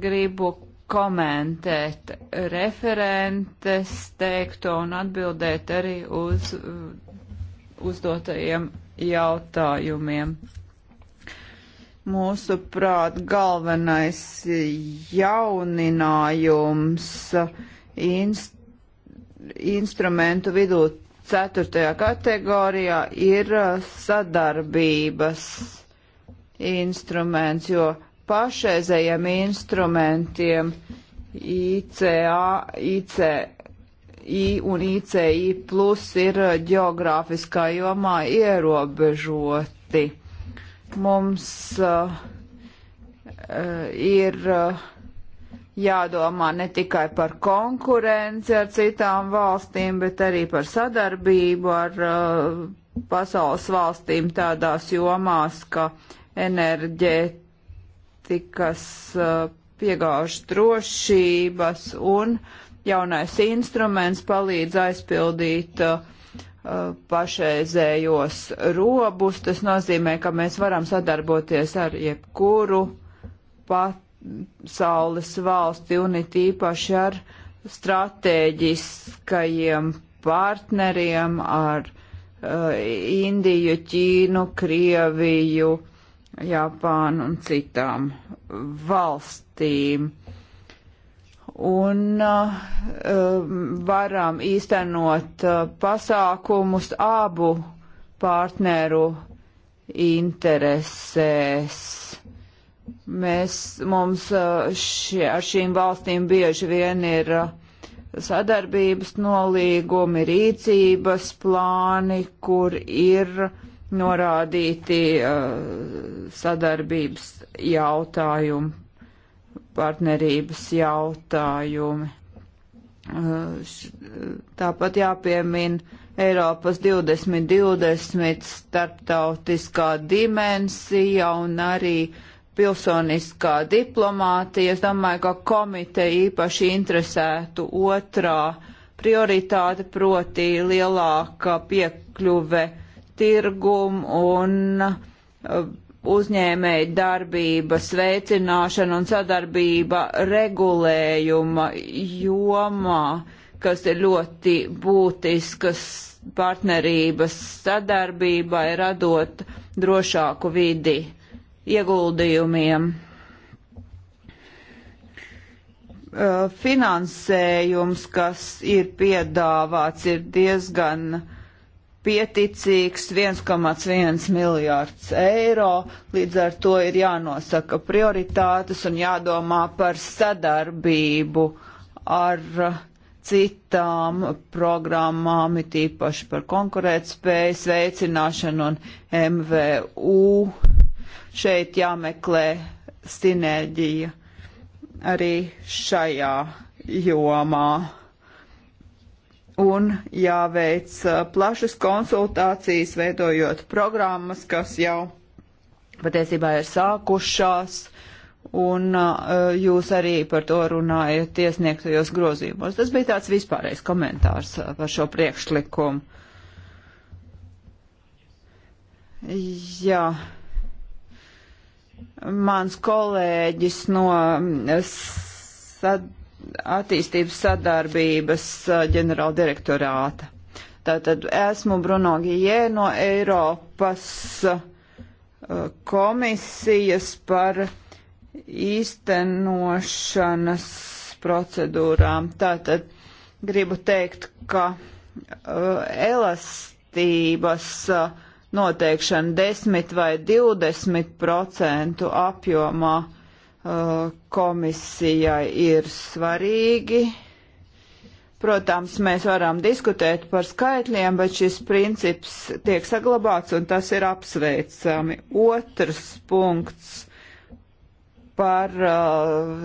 Gribu komentēt referentes teikto un atbildēt arī uz uzdotajiem jautājumiem. Mūsuprāt, galvenais jauninājums inst instrumentu vidū ceturtajā kategorijā ir sadarbības instruments, jo pašreizējiem instrumentiem ICA, ICI un ICI plus ir uh, geogrāfiskā jomā ierobežoti. Mums uh, uh, ir uh, jādomā ne tikai par konkurenci ar citām valstīm, bet arī par sadarbību ar uh, pasaules valstīm tādās jomās, ka enerģēt enerģētikas uh, piegāžu drošības un jaunais instruments palīdz aizpildīt uh, uh, pašreizējos robus. Tas nozīmē, ka mēs varam sadarboties ar jebkuru pasaules valsti un it īpaši ar stratēģiskajiem partneriem, ar uh, Indiju, Ķīnu, Krieviju, uh, Japānu un citām valstīm. Un uh, um, varam īstenot uh, pasākumus abu partneru interesēs. Mēs, mums uh, šie, ar šīm valstīm bieži vien ir uh, sadarbības nolīgumi, rīcības plāni, kur ir uh, norādīti uh, sadarbības jautājumi, partnerības jautājumi. Uh, š, tāpat jāpiemin Eiropas 2020 starptautiskā dimensija un arī pilsoniskā diplomātija. Es domāju, ka komiteja īpaši interesētu otrā prioritāte, proti lielāka piekļuve uh, tirgumu un uh, uzņēmēju darbības veicināšana un sadarbība regulējuma jomā, kas ir ļoti būtiskas partnerības sadarbībai, radot drošāku vidi ieguldījumiem. Uh, finansējums, kas ir piedāvāts, ir diezgan uh, pieticīgs 1,1 miljārds eiro, līdz ar to ir jānosaka prioritātes un jādomā par sadarbību ar citām programmām, it īpaši par konkurētspējas veicināšanu un MVU. Šeit jāmeklē sinerģija arī šajā jomā un jāveic uh, plašas konsultācijas, veidojot programmas, kas jau patiesībā ir sākušās, un uh, jūs arī par to runājat tiesniegtajos grozījumos. Tas bija tāds vispārējais komentārs uh, par šo priekšlikumu. Jā. Mans kolēģis no mm, sad attīstības sadarbības ģenerāla direktorāta. Tātad esmu Bruno Gijē no Eiropas komisijas par īstenošanas procedūrām. Tātad gribu teikt, ka elastības noteikšana 10 vai 20 procentu apjomā uh, komisijai ir svarīgi. Protams, mēs varam diskutēt par skaitļiem, bet šis princips tiek saglabāts un tas ir apsveicami. Otrs punkts par uh,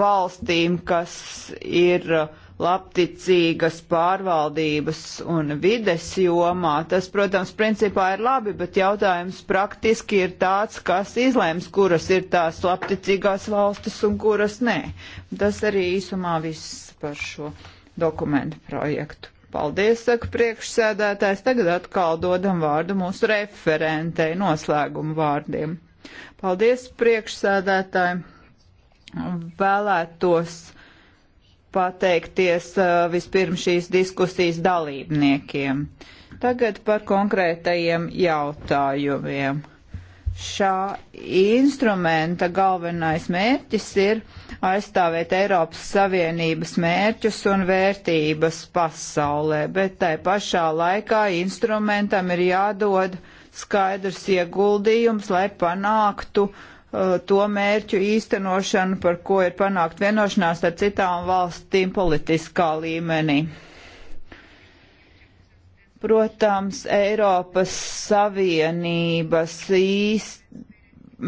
valstīm, kas ir uh, labticīgas pārvaldības un vides jomā. Tas, protams, principā ir labi, bet jautājums praktiski ir tāds, kas izlēms, kuras ir tās labticīgās valstis un kuras nē. Tas arī īsumā viss par šo dokumentu projektu. Paldies, saka priekšsēdētājs. Tagad atkal dodam vārdu mūsu referentei noslēgumu vārdiem. Paldies, priekšsēdētāji. Vēlētos pateikties uh, vispirms šīs diskusijas dalībniekiem. Tagad par konkrētajiem jautājumiem. Šā instrumenta galvenais mērķis ir aizstāvēt Eiropas Savienības mērķus un vērtības pasaulē, bet tai pašā laikā instrumentam ir jādod skaidrs ieguldījums, lai panāktu uh, Uh, to mērķu īstenošanu, par ko ir panākt vienošanās ar citām valstīm politiskā līmenī. Protams, Eiropas Savienības īst,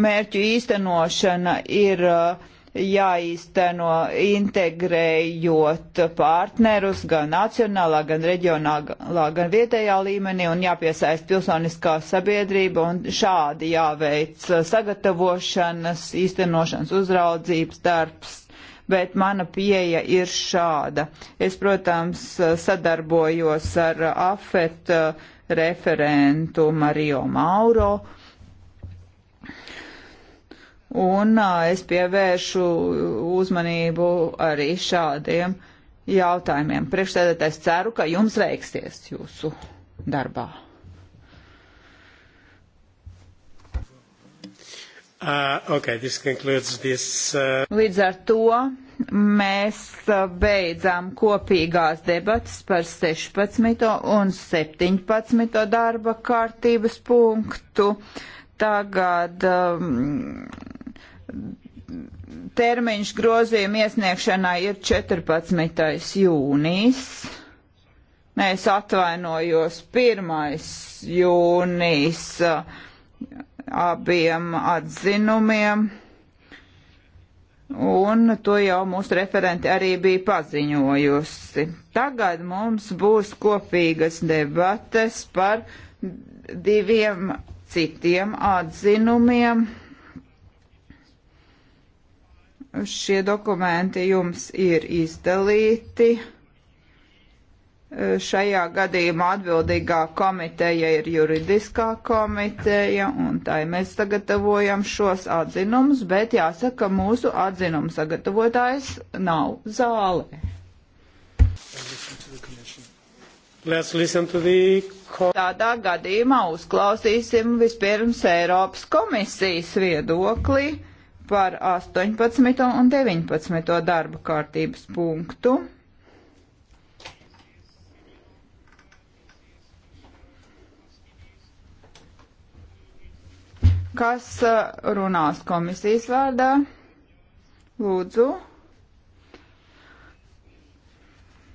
mērķu īstenošana ir uh, jāīsteno integrējot partnerus gan nacionālā, gan reģionālā, gan vietējā līmenī un jāpiesaist pilsoniskā sabiedrība un šādi jāveic sagatavošanas, īstenošanas uzraudzības darbs bet mana pieeja ir šāda. Es, protams, sadarbojos ar AFET referentu Mario Mauro, un es pievēršu uzmanību arī šādiem jautājumiem. Priekšsēdētājs ceru, ka jums veiksies jūsu darbā. Uh, okay, this concludes this, uh... Līdz ar to mēs beidzām kopīgās debatas par 16. un 17. darba kārtības punktu. Tagad um, termiņš grozījuma iesniegšanai ir 14. jūnijas. Mēs atvainojos 1. jūnijas abiem atzinumiem, un to jau mūsu referenti arī bija paziņojusi. Tagad mums būs kopīgas debates par diviem citiem atzinumiem Šie dokumenti jums ir izdalīti. Šajā gadījumā atbildīgā komiteja ir juridiskā komiteja, un tai mēs sagatavojam šos atzinumus, bet jāsaka, mūsu atzinumu sagatavotājs nav zālē. The... Tādā gadījumā uzklausīsim vispirms Eiropas komisijas viedokli par 18. un 19. darba kārtības punktu. Kas uh, runās komisijas vārdā? Lūdzu.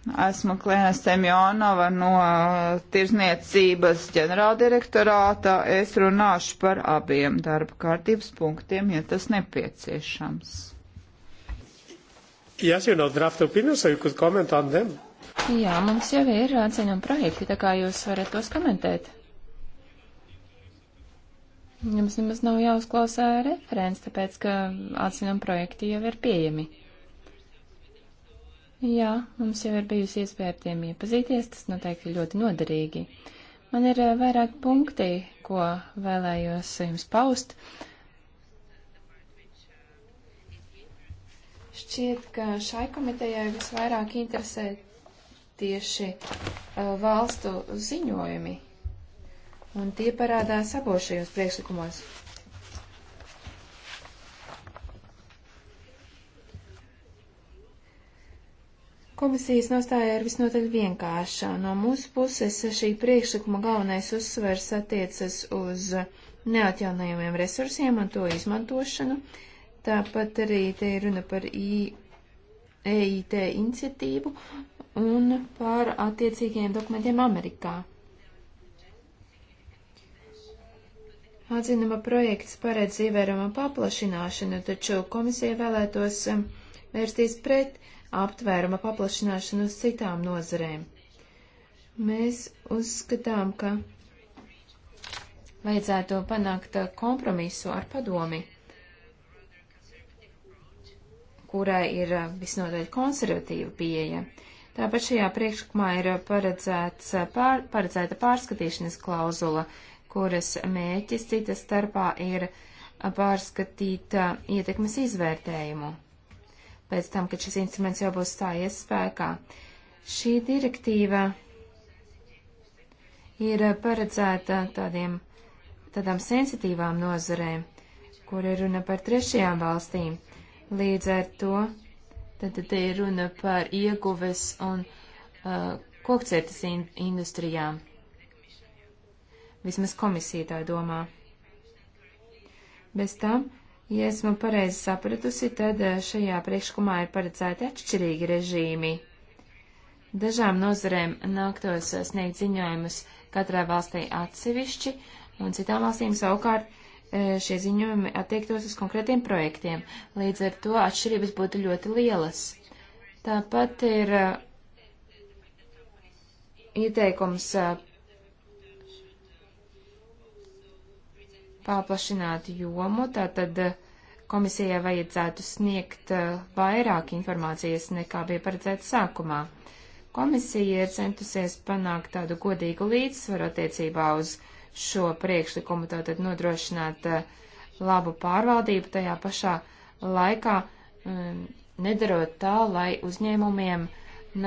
Esmu Klēna Semjonova no Tirzniecības ģenerāldirektorāta. Es runāšu par abiem darba kārtības punktiem, ja tas nepieciešams. Yes, you know, draft opinion, so you could comment on them. Jā, mums jau ir atzinām projekti, tā kā jūs varat tos komentēt. Jums nemaz nav jāuzklausā referents, tāpēc, ka atzinām projekti jau ir pieejami. Jā, mums jau ir bijusi iespēja ar tiem iepazīties, tas noteikti ļoti noderīgi. Man ir eh, vairāk punkti, ko vēlējos jums paust. Šķiet, ka šai komitejai visvairāk interesē tieši uh, valstu ziņojumi, un tie parādās abos šajos priekšlikumos. Komisijas nostāja ir visnotaļ vienkārša. No mūsu puses šī priekšlikuma galvenais uzsvers attiecas uz neatjaunajumiem resursiem un to izmantošanu. Tāpat arī te ir runa par I, EIT iniciatīvu un par attiecīgajiem dokumentiem Amerikā. Atzinuma projekts paredz ievērojama paplašināšanu, taču komisija vēlētos vērsties pret aptvēruma paplašināšanu uz citām nozarēm. Mēs uzskatām, ka vajadzētu panākt uh, kompromisu ar padomi, kurai ir uh, visnotaļ konservatīva pieeja. Tāpat šajā priekšlikumā ir uh, pār, paredzēta pārskatīšanas klauzula, kuras mēķis citas starpā ir pārskatīt ietekmes izvērtējumu pēc tam, kad šis instruments jau būs stājies spēkā. Šī direktīva ir paredzēta tādiem, tādām sensitīvām nozarēm, kur ir runa par trešajām valstīm. Līdz ar to, tad te ir runa par ieguves un uh, kokcietas in industrijām. Vismaz komisija tā domā. Bez tam Ja esmu pareizi sapratusi, tad eh, šajā priekšlikumā ir paredzēti atšķirīgi režīmi. Dažām nozarēm nāktos eh, sniegt ziņojumus katrai valstī atsevišķi, un citām valstīm savukārt eh, šie ziņojumi attiektos uz konkrētiem projektiem. Līdz ar to atšķirības būtu ļoti lielas. Tāpat ir ieteikums paplašinātu jomu, tātad eh, komisijai vajadzētu sniegt eh, vairāk informācijas nekā bija paredzēts sākumā. Komisija ir centusies panākt tādu godīgu līdzsvaru attiecībā uz šo priekšlikumu, tātad nodrošināt eh, labu pārvaldību tajā pašā laikā, um, nedarot tā, lai uzņēmumiem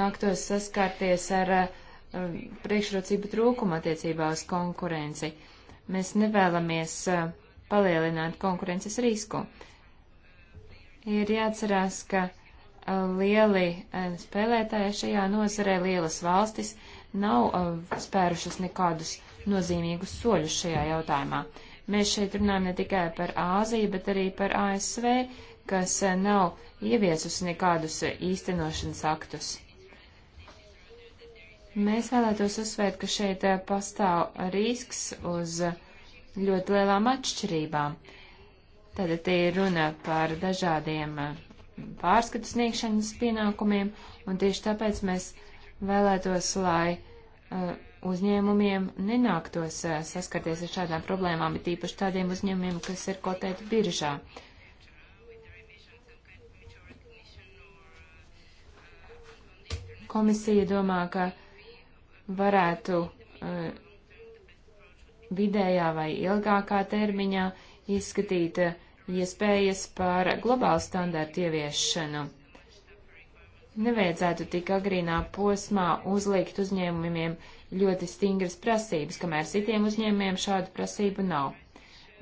nāktos saskarties ar um, priekšrocību trūkumu attiecībā uz konkurenci. Uh, Mēs nevēlamies uh, palielināt konkurences risku. Ir jāatcerās, ka uh, lieli uh, spēlētāji šajā nozarē, lielas valstis, nav spērušas nekādus nozīmīgus soļus šajā jautājumā. Mēs šeit runājam ne tikai par Āziju, bet arī par ASV, kas nav ieviesusi nekādus īstenošanas aktus. Mēs vēlētos uzsvērt, ka šeit eh, pastāv risks uz ļoti lielām atšķirībām. Tātad te ir runa par dažādiem eh, pārskatu sniegšanas pienākumiem, un tieši tāpēc mēs vēlētos, lai uh, uzņēmumiem nenāktos uh, saskarties ar šādām problēmām, bet īpaši tādiem uzņēmumiem, kas ir kotēti biržā. Komisija domā, ka varētu uh, vidējā vai ilgākā termiņā izskatīt uh, iespējas par globālu standārtu ieviešanu. Nevajadzētu tik agrīnā posmā uzlikt uzņēmumiem ļoti stingras prasības, kamēr citiem uzņēmumiem šādu prasību nav.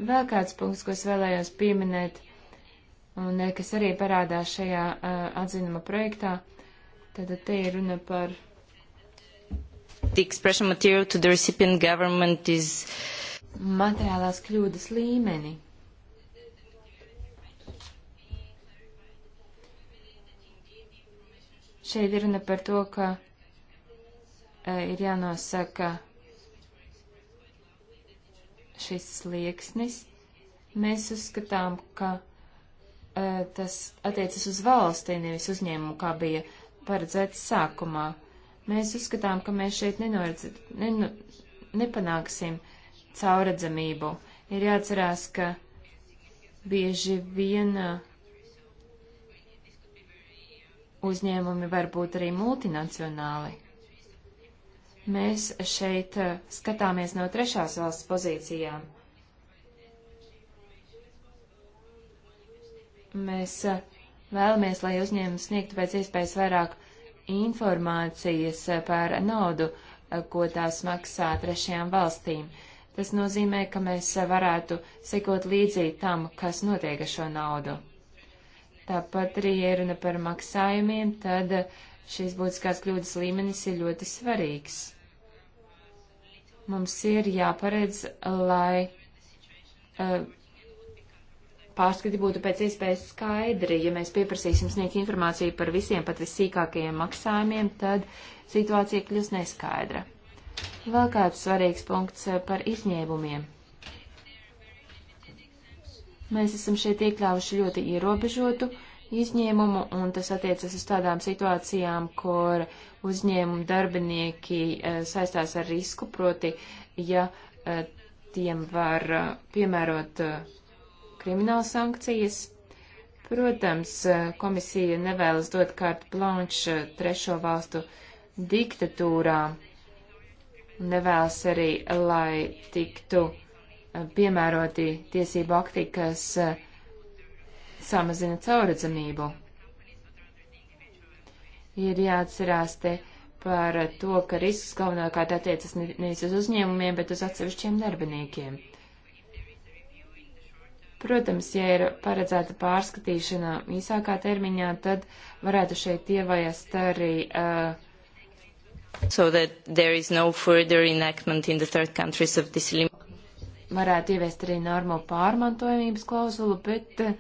Vēl kāds punkts, ko es vēlējos pieminēt, un e, kas arī parādās šajā uh, atzinuma projektā, tad te ir runa par The expression material to the recipient government is materiālās kļūdas līmeni. Šeit ir runa par to, ka e, ir jānosaka šis slieksnis. Mēs uzskatām, ka e, tas attiecas uz valsti, nevis uzņēmumu, kā bija paredzēts sākumā. Mēs uzskatām, ka mēs šeit nenoredz, ne, nepanāksim cauredzamību. Ir jāatcerās, ka bieži vien uh, uzņēmumi var būt arī multinacionāli. Mēs šeit uh, skatāmies no trešās valsts pozīcijām. Mēs uh, vēlamies, lai uzņēmums sniegtu pēc iespējas vairāk informācijas eh, par naudu, eh, ko tās maksā trešajām valstīm. Tas nozīmē, ka mēs eh, varētu sekot līdzi tam, kas notiek ar šo naudu. Tāpat arī, ja runa par maksājumiem, tad šīs būtiskās kļūdas līmenis ir ļoti svarīgs. Mums ir jāparedz, lai uh, pārskati būtu pēc iespējas skaidri. Ja mēs pieprasīsim sniegt informāciju par visiem pat vissīkākajiem maksājumiem, tad situācija kļūs neskaidra. Vēl kāds svarīgs punkts par izņēmumiem. Mēs esam šeit iekļāvuši ļoti ierobežotu izņēmumu, un tas attiecas uz tādām situācijām, kur uzņēmumu darbinieki eh, saistās ar risku, proti, ja eh, tiem var eh, piemērot krimināla sankcijas. Protams, eh, komisija nevēlas dot kārtu planšu eh, trešo valstu diktatūrām, nevēlas arī, lai tiktu eh, piemēroti tiesību akti, kas samazina cauradzamību. Ir jāatcerās te par to, ka risks galvenokārt attiecas nevis uz uzņēmumiem, bet uz atsevišķiem darbiniekiem. Protams, ja ir paredzēta pārskatīšana īsākā termiņā, tad varētu šeit ievajast arī. Uh, so that there is no further enactment in the third countries of this limit. Varētu ieviest arī normu pārmantojamības klauzulu, bet uh,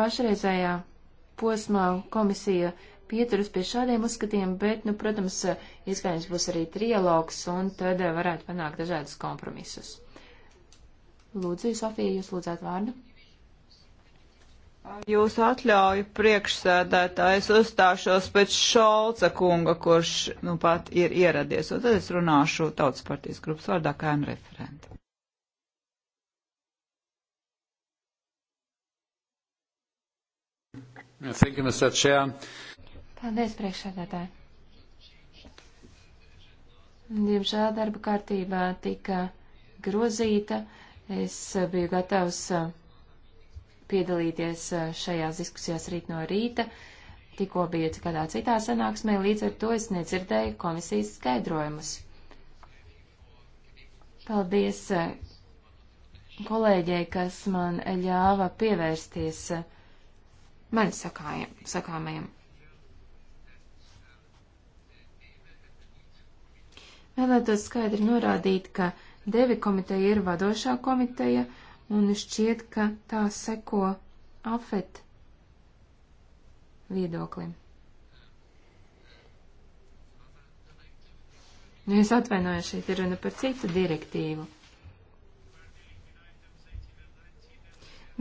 pašreizējā posmā komisija pieturas pie šādiem uzskatiem, bet, nu, protams, iespējams būs arī trialogs, un tad eh, varētu panākt dažādas kompromisus. Lūdzu, Sofija, jūs lūdzētu vārdu. Jūs atļauju priekšsēdētāju, es uzstāšos pēc Šolca kunga, kurš, nu, pat ir ieradies, un tad es runāšu Tautas partijas grupas vārdā kā N referenta. Thank you, Mr. Chair. Paldies, priekšsēdētāji. Diemžēl darba kārtībā tika grozīta. Es biju gatavs piedalīties šajās diskusijās rīt no rīta. Tikko biju kādā citā sanāksmē, līdz ar to es nedzirdēju komisijas skaidrojumus. Paldies kolēģei, kas man ļāva pievērsties manis sakājiem, sakāmajam. Vēlētos skaidri norādīt, ka Devi komiteja ir vadošā komiteja, un šķiet, ka tā seko afet viedoklim. Nu, es atvainojos, šeit ir runa par citu direktīvu.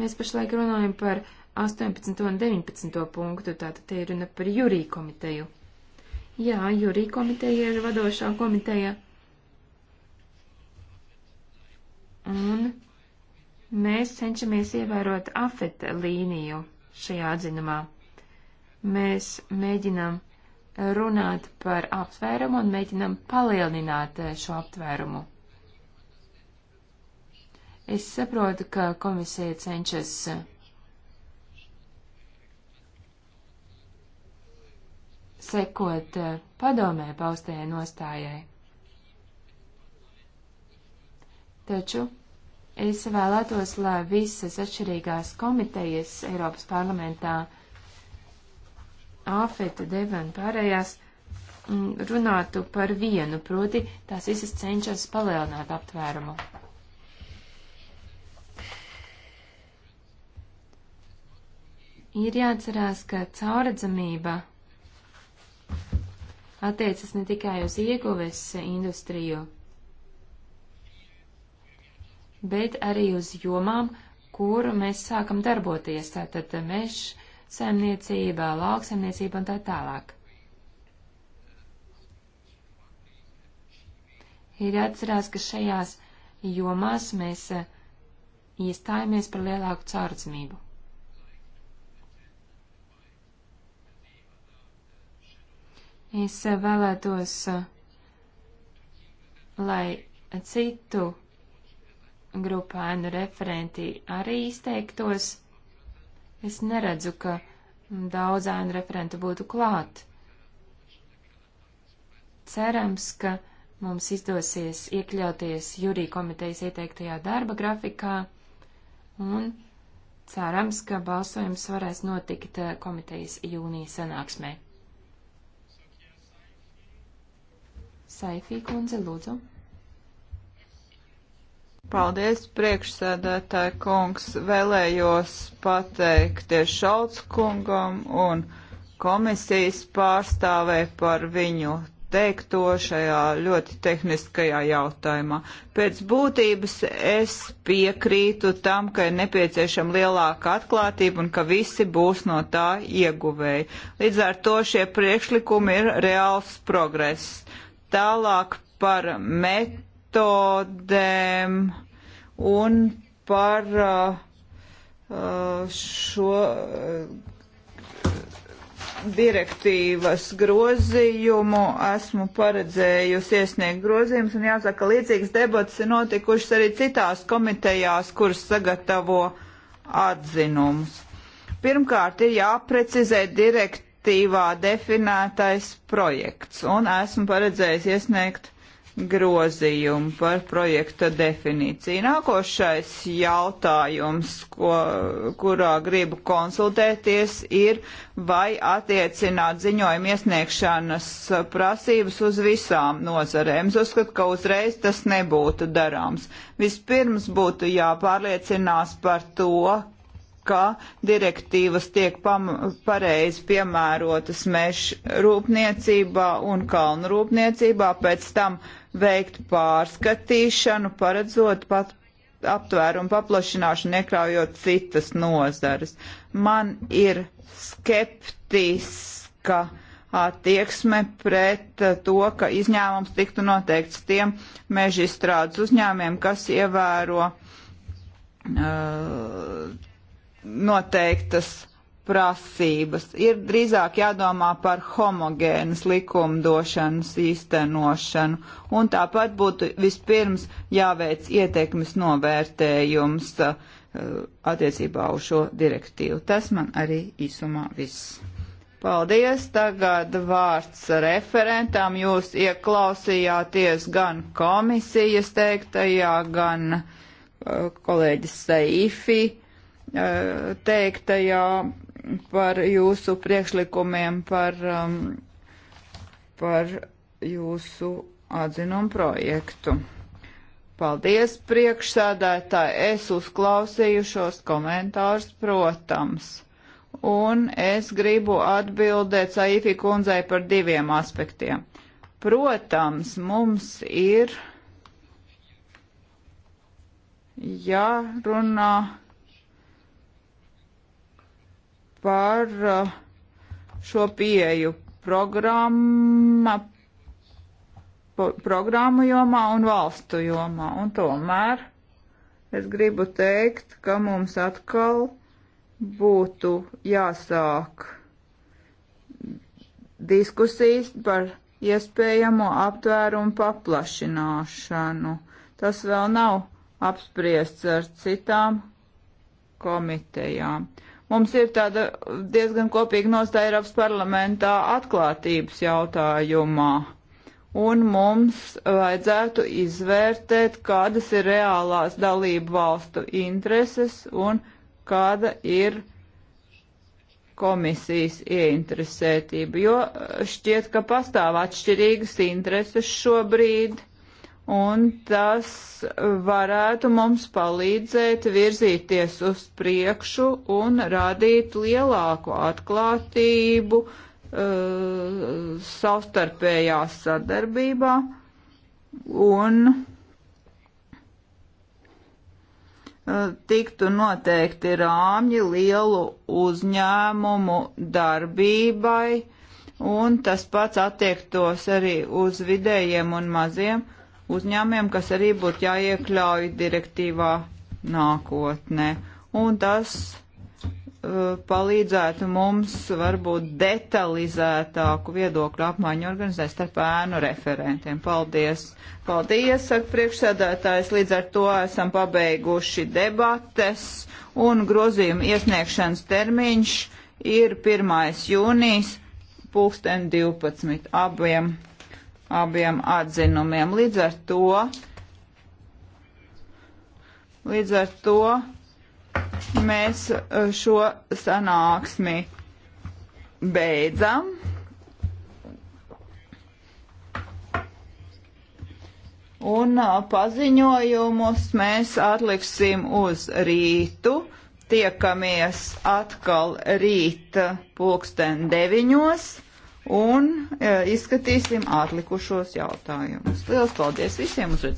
Mēs pašlaik runājam par 18. un 19. punktu, tātad te ir runa par jūrī komiteju. Jā, jūrī komiteja ir vadošā komiteja. Un mēs cenšamies ievērot afet līniju šajā atzinumā. Mēs mēģinam runāt par aptvērumu un mēģinam palielināt eh, šo aptvērumu. Es saprotu, ka komisija cenšas sekot eh, padomē paustajai nostājai. Taču es vēlētos, lai visas atšķirīgās komitejas Eiropas parlamentā, AFETA, DEVA un pārējās, mm, runātu par vienu, proti tās visas cenšas palielināt aptvērumu. Ir jāatcerās, ka cauradzamība attiecas ne tikai uz ieguves industriju, bet arī uz jomām, kur mēs sākam darboties, tātad mežs, saimniecība, lauksaimniecība un tā tālāk. Ir jāatcerās, ka šajās jomās mēs eh, iestājāmies par lielāku caurdzamību. Es vēlētos, eh, lai citu grupā ēnu referenti arī izteiktos. Es neredzu, ka daudz ēnu referentu būtu klāt. Cerams, ka mums izdosies iekļauties jūrī komitejas ieteiktajā darba grafikā un cerams, ka balsojums varēs notikt eh, komitejas jūnija sanāksmē. Saifī kundze, lūdzu. Paldies, priekšsēdētāji kungs. Vēlējos pateikties Šalts kungam un komisijas pārstāvē par viņu teikto šajā ļoti tehniskajā jautājumā. Pēc būtības es piekrītu tam, ka ir nepieciešama lielāka atklātība un ka visi būs no tā ieguvēji. Līdz ar to šie priekšlikumi ir reāls progress Tālāk par metodēm un par uh, uh, šo uh, direktīvas grozījumu esmu paredzējusi iesniegt grozījumus, un jāsaka, līdzīgas debatas ir notikušas arī citās komitejās, kuras sagatavo atzinumus. Pirmkārt, ir jāprecizē direkt, direktīvā definētais projekts, un esmu paredzējis iesniegt grozījumu par projekta definīciju. Nākošais jautājums, ko, kurā gribu konsultēties, ir vai attiecināt ziņojumu iesniegšanas prasības uz visām nozarēm. Es uzskatu, ka uzreiz tas nebūtu darāms. Vispirms būtu jāpārliecinās par to, ka direktīvas tiek pareizi piemērotas meža rūpniecībā un kalnu rūpniecībā, pēc tam veikt pārskatīšanu, paredzot pat aptvērumu paplašināšanu, iekļaujot citas nozares. Man ir skeptiska attieksme pret uh, to, ka izņēmums tiktu noteikts tiem meža izstrādes uzņēmiem, kas ievēro uh, noteiktas prasības. Ir drīzāk jādomā par homogēnas likumdošanas īstenošanu, un tāpat būtu vispirms jāveic ietekmes novērtējums uh, attiecībā uz šo direktīvu. Tas man arī īsumā viss. Paldies, tagad vārds referentām. Jūs ieklausījāties gan komisijas teiktajā, gan uh, kolēģis Saifi teiktajā par jūsu priekšlikumiem, par, um, par jūsu atzinumu projektu. Paldies, priekšsēdētāji, es uzklausīju šos komentārus, protams. Un es gribu atbildēt Saifī kundzei par diviem aspektiem. Protams, mums ir jārunā. Ja par uh, šo pieeju programma, programmu jomā un valstu jomā. Un tomēr es gribu teikt, ka mums atkal būtu jāsāk diskusijas par iespējamo aptvērumu paplašināšanu. Tas vēl nav apspriests ar citām komitejām. Uh, Mums ir tāda diezgan kopīga nostāja Eiropas parlamentā atklātības jautājumā. Un mums vajadzētu izvērtēt, kādas ir reālās dalību valstu intereses un kāda ir komisijas ieinteresētība, jo šķiet, ka pastāv atšķirīgas intereses šobrīd un tas varētu mums palīdzēt virzīties uz priekšu un radīt lielāku atklātību uh, savstarpējā sadarbībā un uh, tiktu noteikti rāmji lielu uzņēmumu darbībai, un tas pats attiektos arī uz vidējiem un maziem uzņēmumiem uzņēmiem, kas arī būtu jāiekļauj direktīvā nākotnē. Un tas uh, palīdzētu mums varbūt detalizētāku viedokļu apmaiņu organizēt starp ēnu referentiem. Paldies! Paldies, saka priekšsēdētājs. Līdz ar to esam pabeiguši debates un grozījuma iesniegšanas termiņš ir 1. jūnijas pulksten 12 abiem abiem atzinumiem. Līdz ar to, līdz ar to mēs eh, šo sanāksmi beidzam. Un eh, paziņojumus mēs atliksim uz rītu. Tiekamies atkal rīt pulksten deviņos un e, izskatīsim atlikušos jautājumus. Lielas paldies visiem! Uzredz.